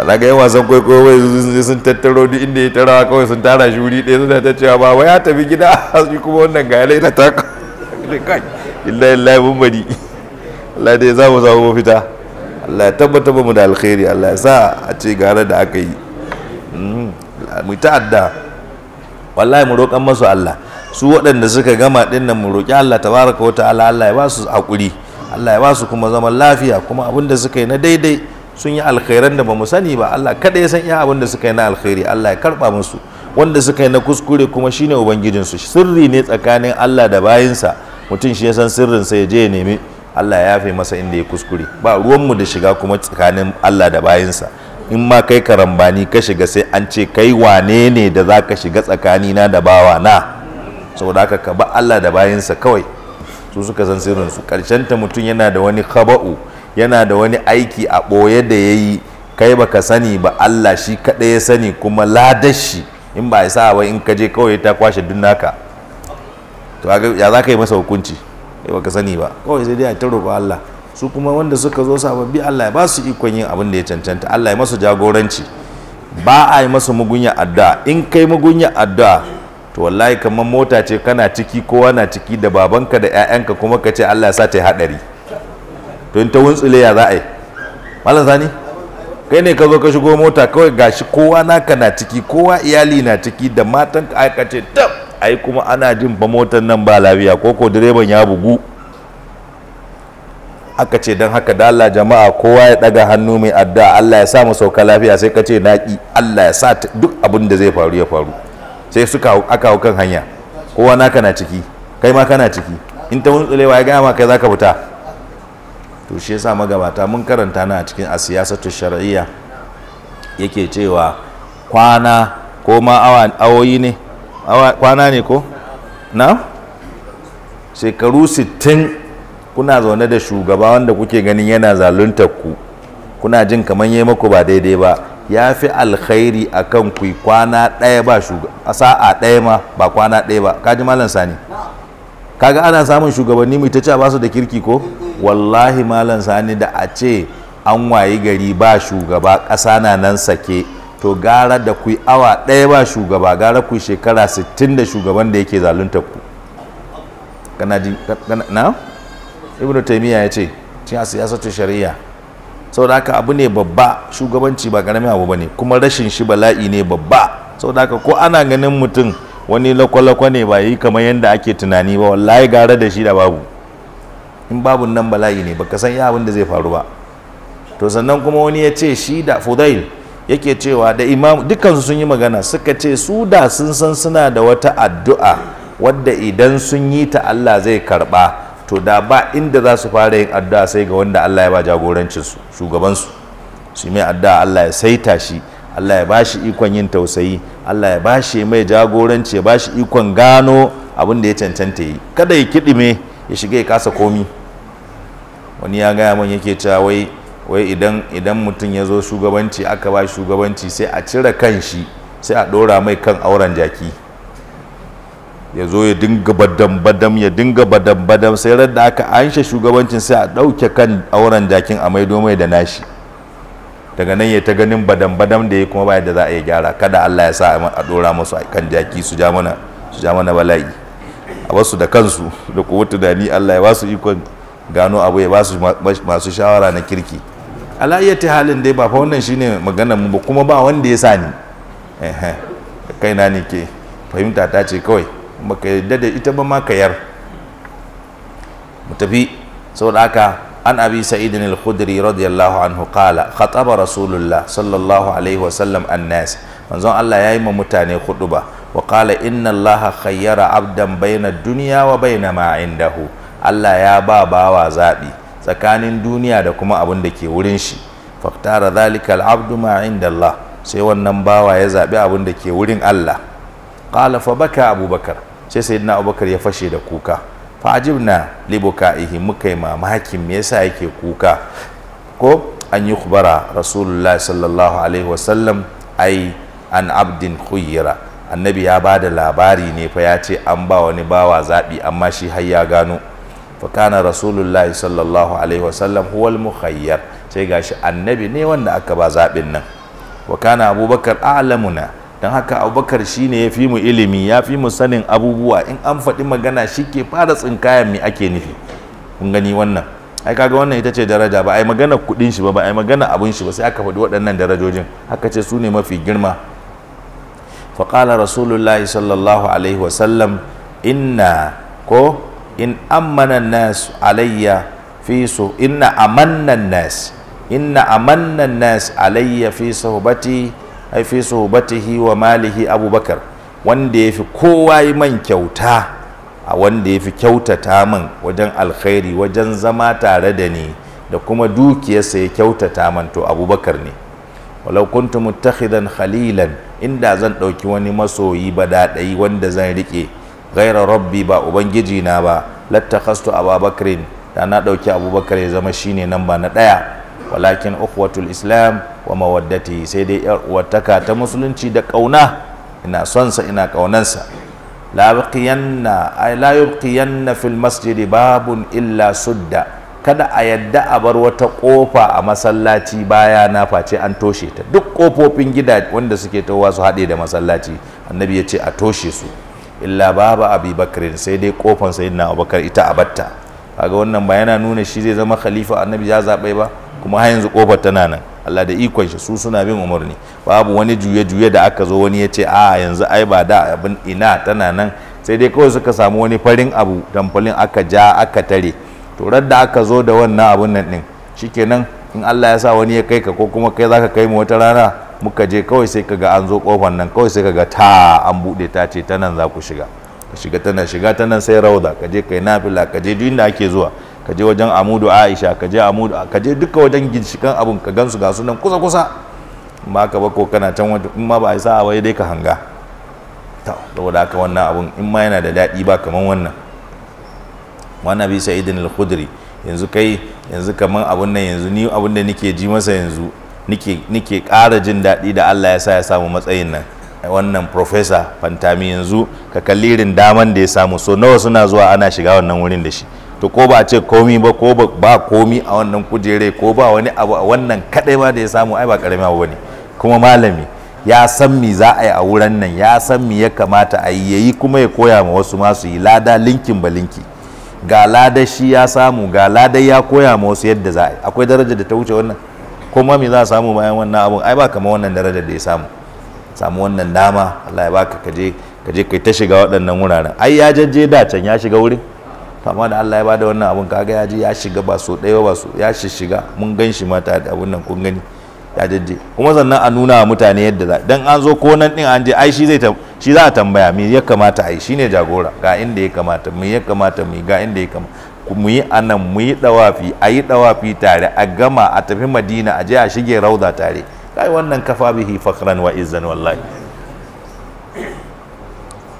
A: ana ga yan wasan kwaikwayo wai sun tattaro duk inda ya tarawa kawai sun tara shi wuri ɗaya suna ta cewa ba wai ya tafi gida shi kuma wannan ga yalai na taka illa illa mun bari Allah dai za mu samu mafita Allah ya tabbata ba mu da alkhairi Allah ya sa a ce gara da aka yi hmm, mu ta'adda wallahi mu roƙan masu Allah su waɗanda suka gama ɗin nan mu roƙi Allah tabaraka wa ta'ala Allah ya ba su haƙuri Allah ya ba su kuma zaman lafiya kuma abin da suka yi na daidai sun yi alkhairan da ba mu sani ba Allah kada ya san iya abin da suka yi na alkhairi Allah ya karɓa musu wanda suka yi na kuskure kuma shine ubangijinsu sirri ne tsakanin Allah da bayinsa mutum shi ya san sirrinsa ya je ya nemi Allah ya fi masa inda ya kuskure ba ruwanmu da shiga kuma tsakanin Allah da bayinsa in ma kai karambani ka shiga sai an ce kai wane ne da za ka shiga na da bawa na saboda haka ka ba Allah da bayinsa kawai su suka san sirrinsu ta mutum yana da wani khaba'u yana da wani aiki a ɓoye da ya yi kai baka sani ba Allah shi kaɗai ya sani kuma ladashi in ba ya sa ba in ka je kawai ta kwashe dun to ya za ka yi masa hukunci baka sani ba kawai sai dai a ta roƙo Allah su kuma wanda suka zo sababbi Allah ya ba su ikon yin abin da ya cancanta Allah ya masu jagoranci ba a yi masu mugunya addu'a in kai mugunya addu'a to wallahi kamar mota ce kana ciki kowa na ciki da babanka da 'ya'yanka kuma ka ce Allah ya sa ta yi haɗari to in ta wuntsule ya za a yi malam sani kai ne ka zo ka shigo mota kawai gashi kowa naka na ciki kowa iyali na ciki da matan ka aka ce ai kuma ana jin ba motar nan ba lafiya ko ko direban ya bugu aka ce don haka da Allah jama'a kowa ya daga hannu mai adda Allah ya sa mu sauka lafiya sai ka ce naki Allah ya sa duk abin da zai faru ya faru sai suka aka hau kan hanya kowa naka na ciki kai ma kana ciki in ta wuntsulewa ya gaya ma kai zaka fita to shi yasa magabata mun karanta na a cikin a siyasatu shar'iyya yake cewa kwana ko ma awoyi ne kwana ne ko na shekaru 60 kuna zaune da shugaba wanda kuke ganin yana zaluntar ku kuna jin kamar yi maku ba daidai ba ya fi alkhairi a kan ku kwana ɗaya ba shugaba sa'a ɗaya ma ba kwana ɗaya ba kaji malam sani kaga ana samun shugabanni mu ta ce ba su da kirki ko wallahi malam sani da a ce an wayi gari ba shugaba ƙasa na nan sake to gara da ku awa ɗaya ba shugaba gara ku shekara 60 da shugaban da yake zalunta ku kana ji na ibn taymiya ya ce cin a ta shari'a saboda haka abu ne babba shugabanci ba karamin abu bane kuma rashin shi bala'i ne babba saboda haka ko ana ganin mutum wani lakwalakwa ne ba yi kamar yadda ake tunani ba wallahi gara da shi da babu in babu nan bala'i ne baka san ya abin da zai faru ba to sannan kuma wani ya ce shi da fudail yake cewa da imam dukansu sun yi magana suka ce su da sun san suna da wata addu'a wadda idan sun yi ta Allah zai karba to da ba inda za su fara yin addu'a sai ga wanda Allah ya ba jagorancin su shugabansu su mai addu'a Allah ya saita shi Allah ya bashi ikon yin tausayi Allah ya bashi mai jagoranci ya bashi ikon gano abin da ya cancanta yi kada ya kidime ya shiga ya kasa komi wani ya gaya min yake cewa wai wai idan idan mutum ya zo shugabanci aka ba shugabanci sai a cire kan shi sai a ɗora mai kan auren jaki ya zo ya dinga badam badam ya dinga badam badam sai radda aka anshe shugabancin sai a ɗauke kan auren jakin a maido mai da nashi daga nan ya ta ganin badam badam da ya kuma bayan da za a yi gyara kada Allah ya sa a ɗora musu a kan jaki su ja mana su bala'i a wasu da kansu da kuma tunani Allah ya wasu ikon gano abu ya ba su masu shawara na kirki ala halin dai ba fa wannan shine maganar mu ba kuma ba wanda ya sani eh kai na ne ke fahimta ta ce kawai ba ka yadda da ita ba ma ka yar mu tafi saboda haka an abi sa'idin al-khudri radiyallahu anhu qala khataba rasulullah sallallahu alaihi wasallam an-nas manzon Allah ya yi ma mutane huɗu wa qala inna allaha khayyara abdan bayna duniya wa bayna ma indahu Allah ya ba bawa zaɓi tsakanin duniya da kuma abin da ke wurin shi faktara zalika al'abdu ma inda Allah sai wannan bawa ya zaɓi abin da ke wurin Allah qala fa baka abubakar sai na abubakar ya fashe da kuka fa na. li ihi muka yi mamakin me yasa yake kuka ko an yi kubara rasulullah sallallahu alaihi wasallam ai an abdin khuyira annabi ya ba da labari ne fa ya ce an ba wani bawa zaɓi amma shi har ya gano fa kana rasulullahi sallallahu alaihi wasallam huwal mukhayyar sai gashi annabi ne wanda aka ba zaɓin nan wa abubakar a'lamuna don haka abubakar shine ya fi mu ilimi ya fi mu sanin abubuwa in an faɗi magana shi ke fara tsinkayan me ake nufi kun gani wannan ai kaga wannan ita ce daraja ba ai magana kuɗin shi ba ba ai magana abun shi ba sai aka faɗi waɗannan darajojin haka ce su ne mafi girma faƙala rasulullahi sallallahu alaihi wasallam inna ko in amana nas alayya fi su inna amanna nas inna amanna nas alayya fi suhbati ai fi wa malihi abubakar wanda yafi kowa yi man kyauta a wanda yafi kyautata min wajen alkhairi wajen zama tare da ni da kuma dukiyarsa ya kyautata man to abubakar ne walau kuntu muttakhidan khalilan inda zan ɗauki wani masoyi badadai wanda zan riƙe gaira rabbi ba ubangiji na ba lattakhastu ababakrin da na dauki abubakar ya zama shine namba na daya walakin ukhwatul islam wa mawaddati sai dai yar uwataka ta musulunci da kauna ina son sa ina kaunansa la yabqiyanna ay la yabqiyanna fil masjidi babun illa sudda kada a yadda a bar wata kofa a masallaci baya na face an toshe ta duk kofofin gida wanda suke tawa su haɗe da masallaci annabi ya ce a toshe su illa baba abi bakr sai dai kofan na abubakar ita a batta kaga wannan ba yana nuna shi zai zama khalifa annabi ya zabe ba kuma har yanzu kofar tana nan Allah da ikon shi su suna bin umarni babu wani juye juye da aka zo wani ya ce a yanzu ai ba da abin ina tana nan sai dai kawai suka samu wani farin abu tamfalin aka ja aka tare to da aka zo da wannan abun nan din shikenan in Allah ya sa wani ya kai ka ko kuma kai zaka kai mu wata rana muka je kawai sai kaga an zo kofar nan kawai sai kaga ta an buɗe ta ce ta nan za ku shiga ka shiga ta nan shiga ta nan sai rauda ka je kai nafila ka je duk inda ake zuwa ka je wajen amudu aisha ka je amudu ka je duka wajen ginshikan abun ka gansu ga su nan kusa kusa ma ka bako kana can wata in ma ba a yi sa'a ba dai ka hanga to saboda haka wannan abun in ma yana da daɗi ba kaman wannan wannan bi sa'idin al-khudri yanzu kai yanzu kaman abun nan yanzu ni abun da nake ji masa yanzu nike ƙara jin daɗi da Allah ya sa ya samu matsayin nan wannan profesa fantami yanzu ka kalli daman da ya samu so nawa suna zuwa ana shiga wannan wurin da shi to ko ba a ce komi ba ko ba komi a wannan kujere ko ba wani abu a wannan kadai ma da ya samu ai ba karami abu bane kuma malami ya san mi za a yi a wurin nan ya san mi ya kamata a yi yayi kuma ya koya ma wasu ma su yi lada linkin ba linki ga lada shi ya samu ga lada ya koya ma wasu yadda za a yi akwai daraja da ta wuce wannan ko ma me za a samu bayan wannan abun ai ba kama wannan darajar da ya samu samu wannan dama Allah ya baka kaje kaje kai ta shiga waɗannan wuraren ai ya jajje da can ya shiga wurin amma da Allah ya bada wannan abun kaga ya ji ya shiga ba so ɗaya ba so ya shiga mun gan shi mata da abun nan kun gani ya jajje kuma sannan a nuna wa mutane yadda za dan an zo ko nan din an je ai shi zai shi za a tambaya me ya kamata ai shine jagora ga inda ya kamata me ya kamata me ga inda ya kamata muyi anan muyi yi dawafi a dawafi tare a gama a tafi madina a je a shige rauda tare kai wannan kafa bihi fakran wa izan wallahi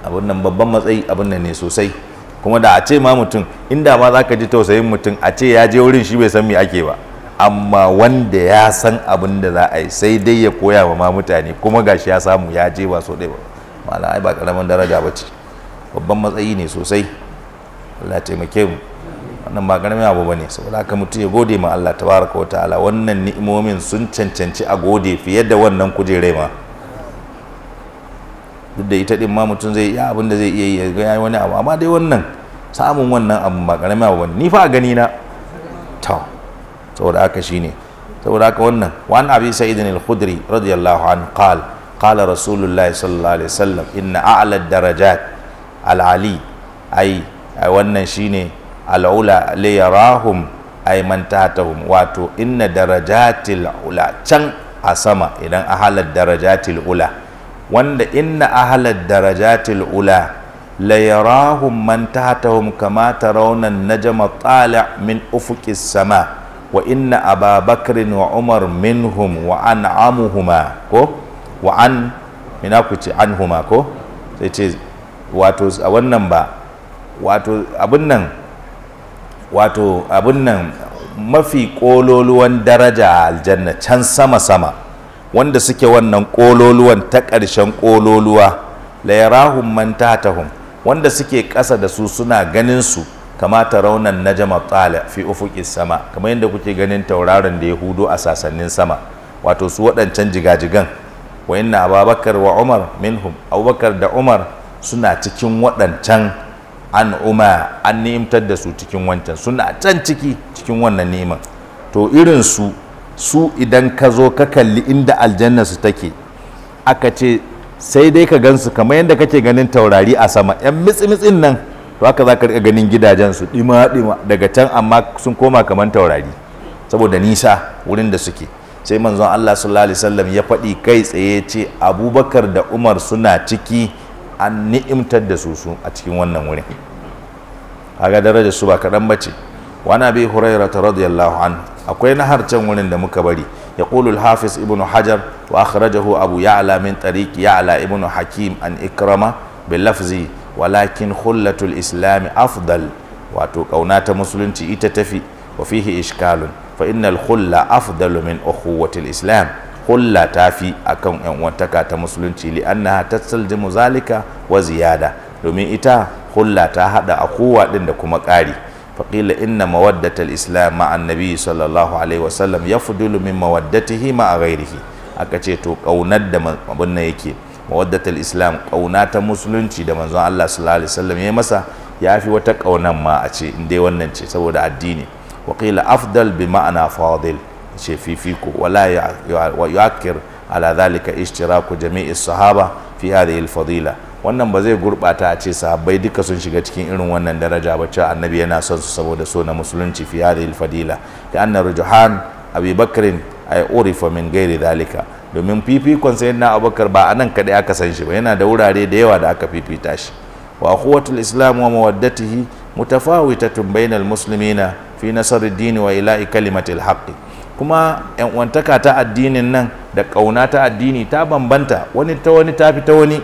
A: abun nan babban matsayi abun nan ne sosai kuma da a ce ma mutum inda ma zaka ji tausayin mutum a ce ya je wurin shi bai san me ake ba amma wanda ya san abin da za a yi sai dai ya koya wa ma mutane kuma gashi ya samu ya je ba so ɗaya ba ma'ana ai ba karamin daraja ba ce babban matsayi ne sosai Allah taimake mu wannan ba karamin abu bane saboda haka mutum ya gode ma Allah tabaraka wa ta'ala wannan ni'imomin sun cancanci a gode fiye da wannan kujerai ma duk da ita din ma mutum zai iya abin da zai iya yi ga wani abu amma dai wannan samun wannan abu ba karamin abu bane ni fa a gani na ta saboda haka shine saboda haka wannan wa an abi sa'idin al-khudri radiyallahu an qala qala rasulullahi sallallahu alaihi wasallam inna a'la ad-darajat al-ali ai wannan shine al'ula li yarahum ay man tahtahum wato inna darajatil ula can a sama idan ahalar darajatil ula wanda inna ahalar darajatil ula la yarahum man tahtahum kama tarawna najma tali' min ufuqis sama wa inna ababakrin wa umar minhum wa an'amuhuma ko wa an ina ku ce anhuma ko sai ce wato a wannan ba wato abin nan wato abin nan mafi kololuwan daraja a aljanna can sama-sama wanda suke wannan kololuwan ta ƙarshen kololuwa layarahun man wanda suke ƙasa da su suna ganin su kamata raunan na jama tsala fi ufuqis sama kamar yadda kuke ganin tauraron da ya hudo a sasannin sama wato su waɗancan jigajigan wa inna abubakar wa umar minhum abubakar da umar suna cikin waɗancan an umma an ni'imtar da su cikin wancan suna can ciki cikin wannan neman to irin su su idan ka zo ka kalli inda aljanna su take aka ce sai dai ka gansu kamar yadda kake ganin taurari a sama yan mitsi-mitsin nan to haka za ka riƙa ganin gidajen su dima dima daga can amma sun koma kamar taurari saboda nisa wurin da suke sai manzon Allah sallallahu alaihi wasallam ya faɗi kai tsaye ce Abubakar da Umar suna ciki an ni'imtar da su a cikin wannan wurin kaga darajar su ba kadan bace wa bi hurayra radiyallahu an akwai na can wurin da muka bari ya al-hafiz ibnu hajar wa akhrajahu abu ya'la min tariq ala ibnu hakim an ikrama bil lafzi walakin khullatu islami islam afdal wato kauna ta musulunci ita tafi wa fihi ishkalun fa innal khulla afdalu min ukhuwati al-islam hulla ta fi akan yan uwantaka ta musulunci li annaha muzalika zalika wa ziyada domin ita hulla ta hada a kowa din da kuma ƙari faqila inna mawaddatal islam ma annabi sallallahu alaihi wasallam yafdulu min mawaddatihi ma ghairihi aka ce to kaunar da abun nan yake mawaddatal islam kauna ta musulunci da manzon Allah sallallahu alaihi wasallam ya masa ya fi wata kaunan ma a ce in dai wannan ce saboda addini waqila afdal bi ma'ana fadil ce fifiko wala ya yu'akkir ala dhalika ishtiraku jami'i sahaba fi hadhihi al-fadila wannan ba zai gurbata a ce sahabbai duka sun shiga cikin irin wannan daraja ba cewa annabi yana son su saboda so na musulunci fi hadhihi al-fadila ta anna rujuhan abi bakrin ay urifa min ghairi dhalika domin fifikon na abubakar ba anan kadai aka san shi ba yana da wurare da yawa da aka fifita shi wa akhuwatul islam wa mawaddatihi mutafawitatun musulmi na fi nasarar dini wa ila'i kalimatul haqq kuma yan'uwantaka ta addinin nan da ƙauna ta addini ta bambanta wani ta wani ta fi ta wani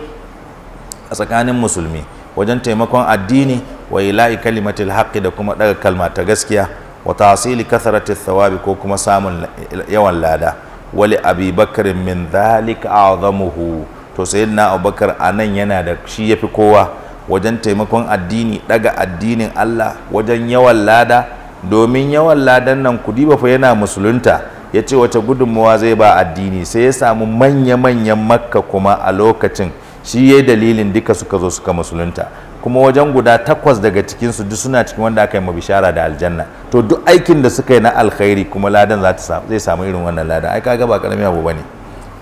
A: a tsakanin musulmi wajen taimakon addini wa ila'i kalimatil haqqi da kuma ɗaga kalma ta gaskiya wa tasili kasarati thawabi ko kuma samun yawan lada wali abubakar min dhalika azamuhu to sayyidina abubakar nan yana da shi yafi kowa wajen taimakon addini ɗaga addinin Allah wajen yawan lada domin yawan ladan nan kudi ba fa yana musulunta ya ce wata gudunmawa zai ba addini sai ya samu manya-manyan makka kuma a lokacin shi ya dalilin duka suka zo suka musulunta kuma wajen guda takwas daga cikinsu duk suna cikin wanda aka yi ma bishara da aljanna to duk aikin da suka yi na alkhairi kuma ladan za zai samu irin wannan ladan ai kaga ba karami abu ba ne.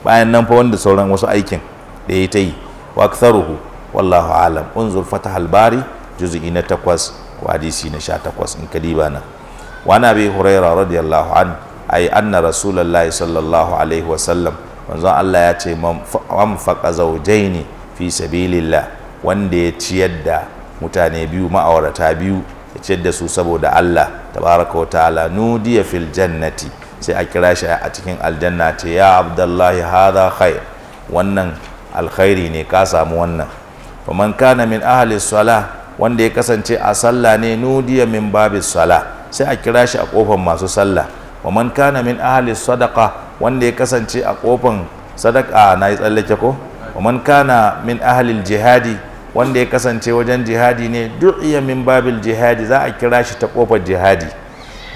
A: bayan nan fa wanda sauran wasu aikin da ya ta yi wa ruhu, wallahu alam unzur halbari, bari na takwas ko hadisi na 18 in kadiba na wa na bi huraira radiyallahu an ai anna rasulullahi sallallahu alaihi wa sallam manzon Allah ya ce man faqa zawjaini fi sabilillah wanda ya ciyar da mutane biyu ma'aurata biyu ya ciyar da su saboda Allah tabaraka wa ta'ala nudiya fil jannati sai a kira shi a cikin aljanna ce ya abdullahi hadha khair wannan alkhairi ne ka samu wannan faman kana min ahli salah wanda ya kasance a sallah ne nudiya min babis sala sai a kira shi a kofar masu sallah wa man kana min ahli sadaqa wanda ya kasance a kofar sadaka na yi tsallake ko wa man kana min ahli jihadi wanda ya kasance wajen jihadi ne iya min babil jihadi za a kira shi ta kofar jihadi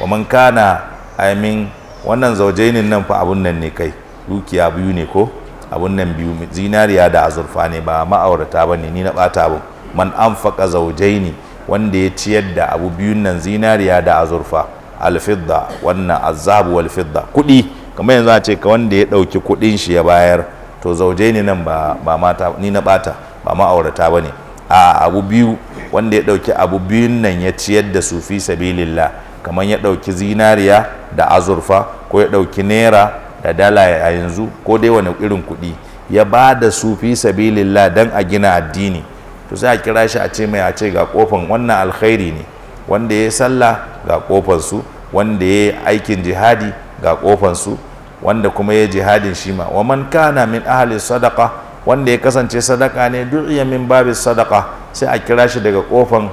A: wa man kana aimin wannan zaujainin nan fa abun nan ne kai dukiya biyu ne ko abun nan biyu zinariya da azurfa ne ba ma'aurata ba ne ni na bata abun man anfaqa zawjaini wanda ya ciyar da abu biyun nan zinariya da azurfa alfidda wannan azabu walfidda kudi kamar yanzu a ce ka wanda ya dauki kudin shi ya bayar to zaujaini nan ba mata ni na bata ba ma'aurata bane a abu biyu wanda ya dauki abu biyun nan ya ciyar da su fi sabilillah kamar ya dauki zinariya da azurfa ko ya dauki naira da dala a yanzu ko dai wani irin kudi ya ba da su fi sabilillah dan a gina addini to sai a kira shi a ce mai a ce ga kofan wannan alkhairi ne wanda ya sallah ga kofan su wanda ya aikin jihadi ga kofan su wanda kuma ya jihadin shi ma wa man kana min ahli sadaqa wanda ya kasance sadaka ne du'iya min babi sadaqa sai a kira shi daga kofan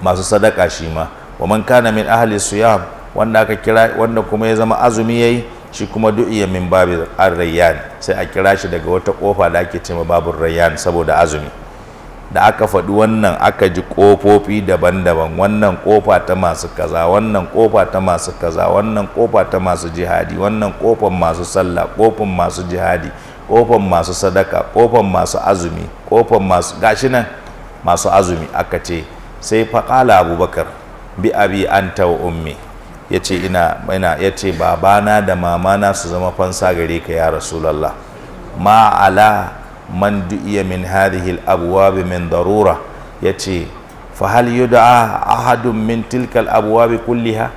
A: masu sadaka shi ma wa man kana min ahli siyam wanda aka kira wanda kuma ya zama azumi yayi shi kuma duk iya min babu rayyan sai a kira shi daga wata kofa da ake cewa babu rayyan saboda azumi da aka faɗi wannan aka ji ƙofofi daban-daban wannan ƙofa ta masu kaza wannan ƙofa ta masu kaza wannan ƙofa ta masu jihadi wannan ƙofan masu sallah ƙofan masu jihadi ƙofan masu sadaka ƙofan masu azumi ƙofan masu gashi nan masu azumi aka ce sai faƙala abubakar bi abi an ta ummi ya ce ina ina ya ce babana da mamana su zama fansa gare ka ya rasulallah ma ala man du'iya min hadhihi al-abwab min darura yace fa hal yud'a ahadun min tilka al-abwab kulliha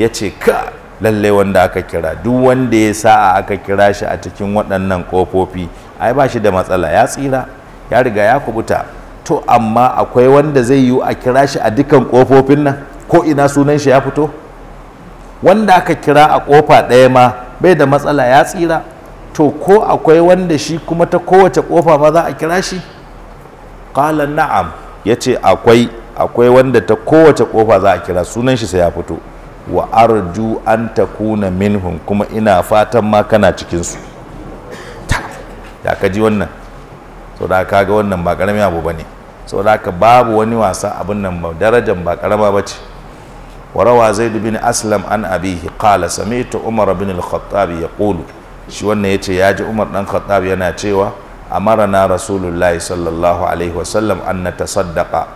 A: yace ka lalle wanda aka kira duk wanda ya sa'a aka kira shi a cikin waɗannan kofofi ai ba shi da matsala ya tsira ya riga ya kubuta to amma akwai wanda zai yi a kira shi a dukkan kofofin nan ko ina sunan shi ya fito wanda aka kira a kofa ɗaya ma bai da matsala ya tsira to ko akwai wanda shi kuma ta kowace kofa ma za a kira shi ƙala na'am Ya ce akwai akwai wanda ta kowace kofa za a kira sunan shi sai ya fito wa arju an kuna minhum kuma ina fatan ma kana cikinsu. su ya kaji wannan Sau da ka ga wannan ba karami abu ba ne. sau da ka babu wani wasa abin nan ba darajan ba karama bace وروى an بن kala same ta Umar bin al بن ya Kulu. shi wannan ya ce ya ji umar ɗan khattab yana cewa amarana rasulullahi sallallahu alaihi wasallam an na tasaddaqa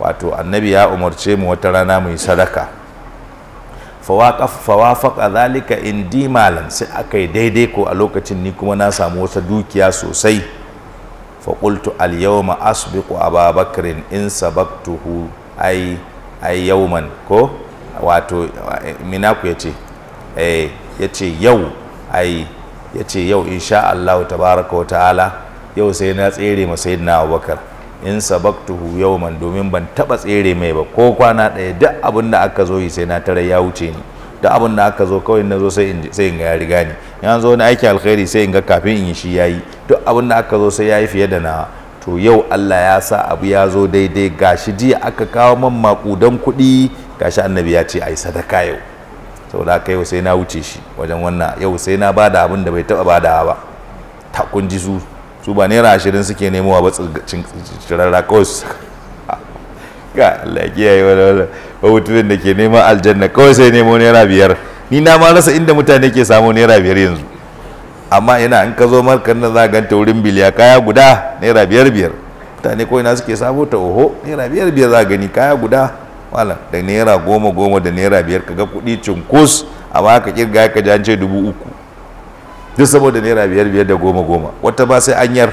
A: wato annabi ya umarce mu wata rana mu yi sadaka fawafaqa zalika indi malan sai aka yi daidai ko a lokacin ni kuma na samu wata dukiya sosai fa qultu al yawma asbiqu ababakrin in sabaqtuhu ai ai yawman ko wato eh, minaku yace eh yace yau ai ya ce yau insha Allah tabaraka wa ta'ala yau sai na tsere ma na Abubakar in sabaktuhu man domin ban taba tsere mai ba ko kwana ɗaya duk abin da aka zo yi sai na tare ya wuce ni duk abin da aka zo kawai na zo sai in ga ya riga ni yanzu zo wani aiki alkhairi sai in ga kafin in yi shi yayi duk abin da aka zo sai yayi fiye da nawa to yau Allah ya sa abu ya zo daidai gashi jiya aka kawo man makudan kuɗi gashi annabi ya ce ai sadaka yau saboda haka yau sai na wuce shi wajen wannan yau sai na bada abin da bai taba badawa ba ta kunji su su ba naira ashirin suke nemowa ba cirarra kawai su ga Allah ya yi wani wani mutumin da ke neman aljanna kawai sai nemo naira biyar ni na ma rasa inda mutane ke samu naira biyar yanzu amma ina in ka zo markan nan za ganta wurin biliya kaya guda naira biyar biyar mutane ko ina suke samu ta oho naira biyar biyar za gani kaya guda wala da naira goma goma da naira biyar ka ga kuɗi cunkus amma ka kirga ka ji an ce dubu uku duk saboda naira biyar biyar da goma goma wata ba sai an yar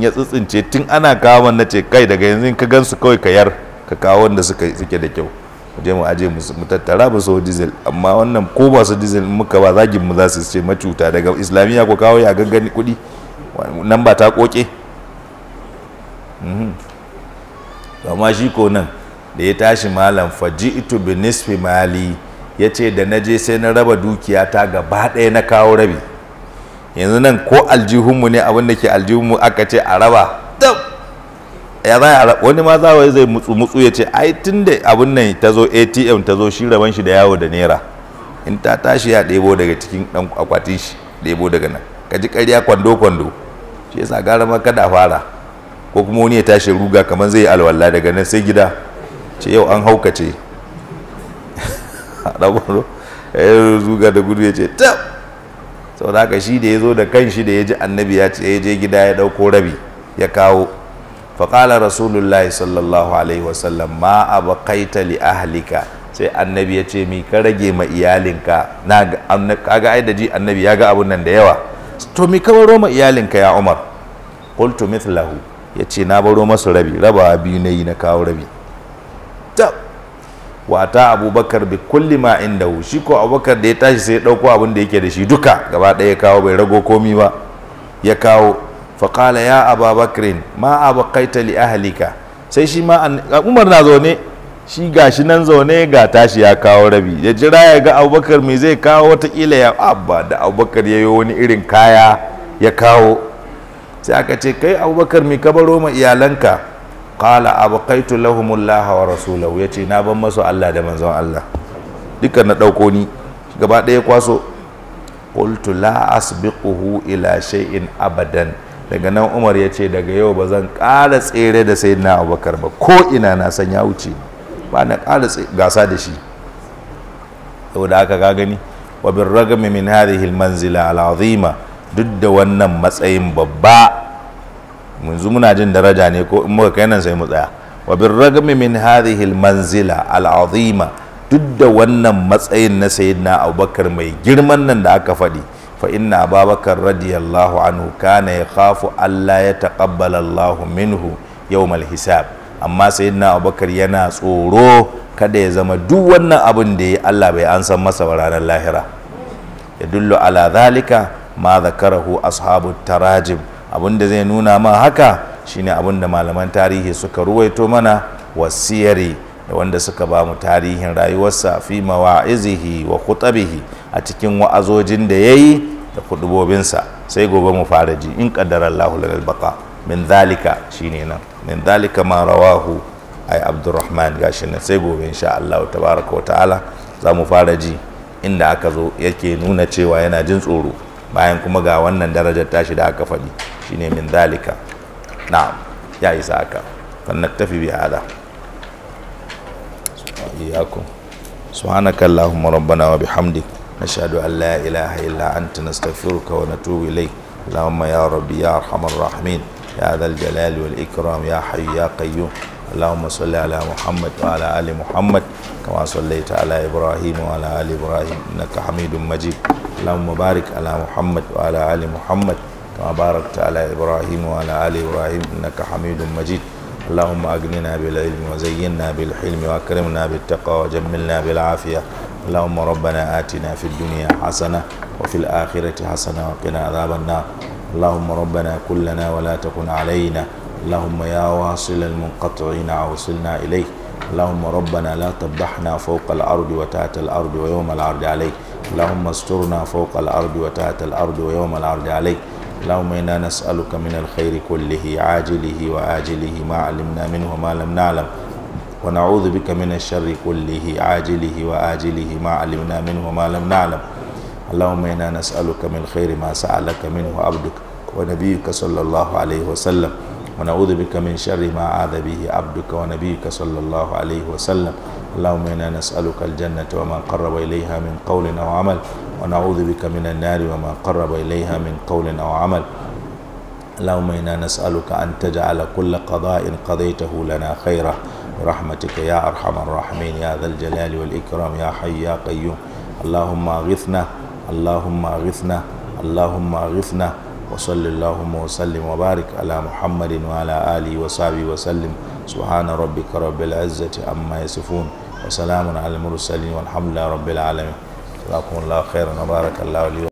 A: ya tsitsince tun ana kawo na ce kai daga yanzu ka gansu kawai ka yar ka kawo wanda suke da kyau mu je mu aje mu tattara ba so diesel amma wannan ko ba su diesel muka ba zagin mu za su ce macuta daga islamiyya ko kawo ya gangani kuɗi nan ba ta koke mhm. amma shi ko nan da ya tashi malam faji ito nisfi mali ya ce da na je sai na raba dukiyata gaba ɗaya na kawo rabi yanzu nan ko aljihunmu ne abin da ke aljihunmu aka ce a raba ya za a wani ma za zai mutsu mutsu ya ce ai tun da abin nan ta zo atm ta zo shi raban shi da yawo da naira in ta tashi ya ɗebo daga cikin ɗan akwatin shi ɗebo daga nan ka ji ƙarya kwando kwando shi yasa gara ma kada fara ko kuma wani ya tashi ruga kamar zai alwala daga nan sai gida ce yau an haukace ɗaɓaro ya zuga da gudu ya ce tab sau da aka shi da ya zo da kan shi da ya ji annabi ya ce ya je gida ya dauko rabi ya kawo faƙalar rasulullahi sallallahu alaihi wasallam ma abu kaita li ahalika sai annabi ya ce mi ka rage ma iyalinka na ga ai da ji annabi ya ga abun nan da yawa to mi ka baro ma iyalinka ya umar qultu mithlahu ya ce na baro masu rabi rabawa biyu na yi na kawo rabi Wata abubakar bi kulli ma shi ko abubakar da ya tashi sai ya dauko abin da yake da shi duka gaba ɗaya ya kawo bai rago komi ba ya kawo faƙala ya Ababakar? ma abakaita li ahlika sai shi ma umar na zaune shi gashi shi nan zaune ga tashi ya kawo rabi ya jira ya ga abubakar me zai kawo watakila ya abba da abubakar ya yi wani irin kaya ya kawo sai aka ce kai abubakar me ka baro ma iyalanka qala abqaitu lahumullaha wa rasulahu yace na ban masu Allah da manzon Allah duka na dauko ni gaba daya kwaso qultu la asbiquhu ila shay'in abadan daga nan Umar yace daga yau ba zan ƙara tsere da sayyidina Abubakar ba ko ina na san ya wuce ba na ƙara gasa da shi saboda haka ka gani wa bin ragami min hadhihi almanzila alazima duk da wannan matsayin babba yanzu muna jin daraja ne ko in muka kai nan sai mu tsaya wa bin ragami min hadhihi manzila al'azima duk da wannan matsayin na sayyidina abubakar mai girman nan da aka faɗi fa inna abubakar radiyallahu anhu kana ya khafu allah ya taqabbala allah minhu yawmal hisab amma sayyidina abubakar yana tsoro kada ya zama duk wannan abin da ya allah bai an san masa ranar lahira ya dullu ala zalika ma zakarahu ashabu tarajim abin da zai nuna ma haka shine abin da malaman tarihi suka ruwaito mana wasiyari da wanda suka ba mu tarihin rayuwarsa fi mawa'izihi wa khutabihi a cikin wa'azojin da yayi da kudubobinsa sai gobe mu fara ji in qaddara Allahu lana baqa min zalika shine nan min zalika ma rawahu ay Abdurrahman gashi nan sai gobe insha Allah tabaraka wa ta'ala za mu fara ji inda aka zo yake nuna cewa yana jin tsoro bayan kuma ga wannan darajar tashi da aka faɗi shine min zalika na'am ya isa haka فنكتفي بهذا إياكم سبحانك اللهم ربنا وبحمدك نشهد أن لا إله إلا أنت نستغفرك ونتوب إليك اللهم يا ربي يا أرحم الراحمين يا ذا الجلال والإكرام يا حي يا قيوم اللهم صل على محمد وعلى آل محمد كما صليت على إبراهيم وعلى آل إبراهيم إنك حميد مجيد اللهم بارك على محمد وعلى آل محمد كما باركت على إبراهيم وعلى آل إبراهيم إنك حميد مجيد اللهم أغننا بالعلم وزينا بالحلم وأكرمنا بالتقوى وجملنا بالعافية اللهم ربنا آتنا في الدنيا حسنة وفي الآخرة حسنة وقنا عذاب النار اللهم ربنا كلنا ولا تكن علينا اللهم يا واصل المنقطعين أوصلنا إليك اللهم ربنا لا تبحنا فوق الأرض وتحت الأرض ويوم العرض عليك اللهم استرنا فوق الأرض وتحت الأرض ويوم الأرض عليك اللهم إنا نسألك من الخير كله عاجله وآجله ما علمنا منه وما لم نعلم ونعوذ بك من الشر كله عاجله وآجله ما علمنا منه وما لم نعلم اللهم إنا نسألك من خير ما سألك منه عبدك ونبيك صلى الله عليه وسلم ونعوذ بك من شر ما عاذ به عبدك ونبيك صلى الله عليه وسلم اللهم إنا نسألك الجنة وما قرب إليها من قول أو عمل ونعوذ بك من النار وما قرب إليها من قول أو عمل اللهم إنا نسألك أن تجعل كل قضاء قضيته لنا خيرا برحمتك يا أرحم الراحمين يا ذا الجلال والإكرام يا حي يا قيوم اللهم أغثنا اللهم أغثنا اللهم أغثنا وصل اللهم وسلم وبارك على محمد وعلى آله وصحبه وسلم سبحان ربك رب العزة عما يصفون وسلام على المرسلين والحمد لله رب العالمين جزاكم الله خيرا وبارك الله لي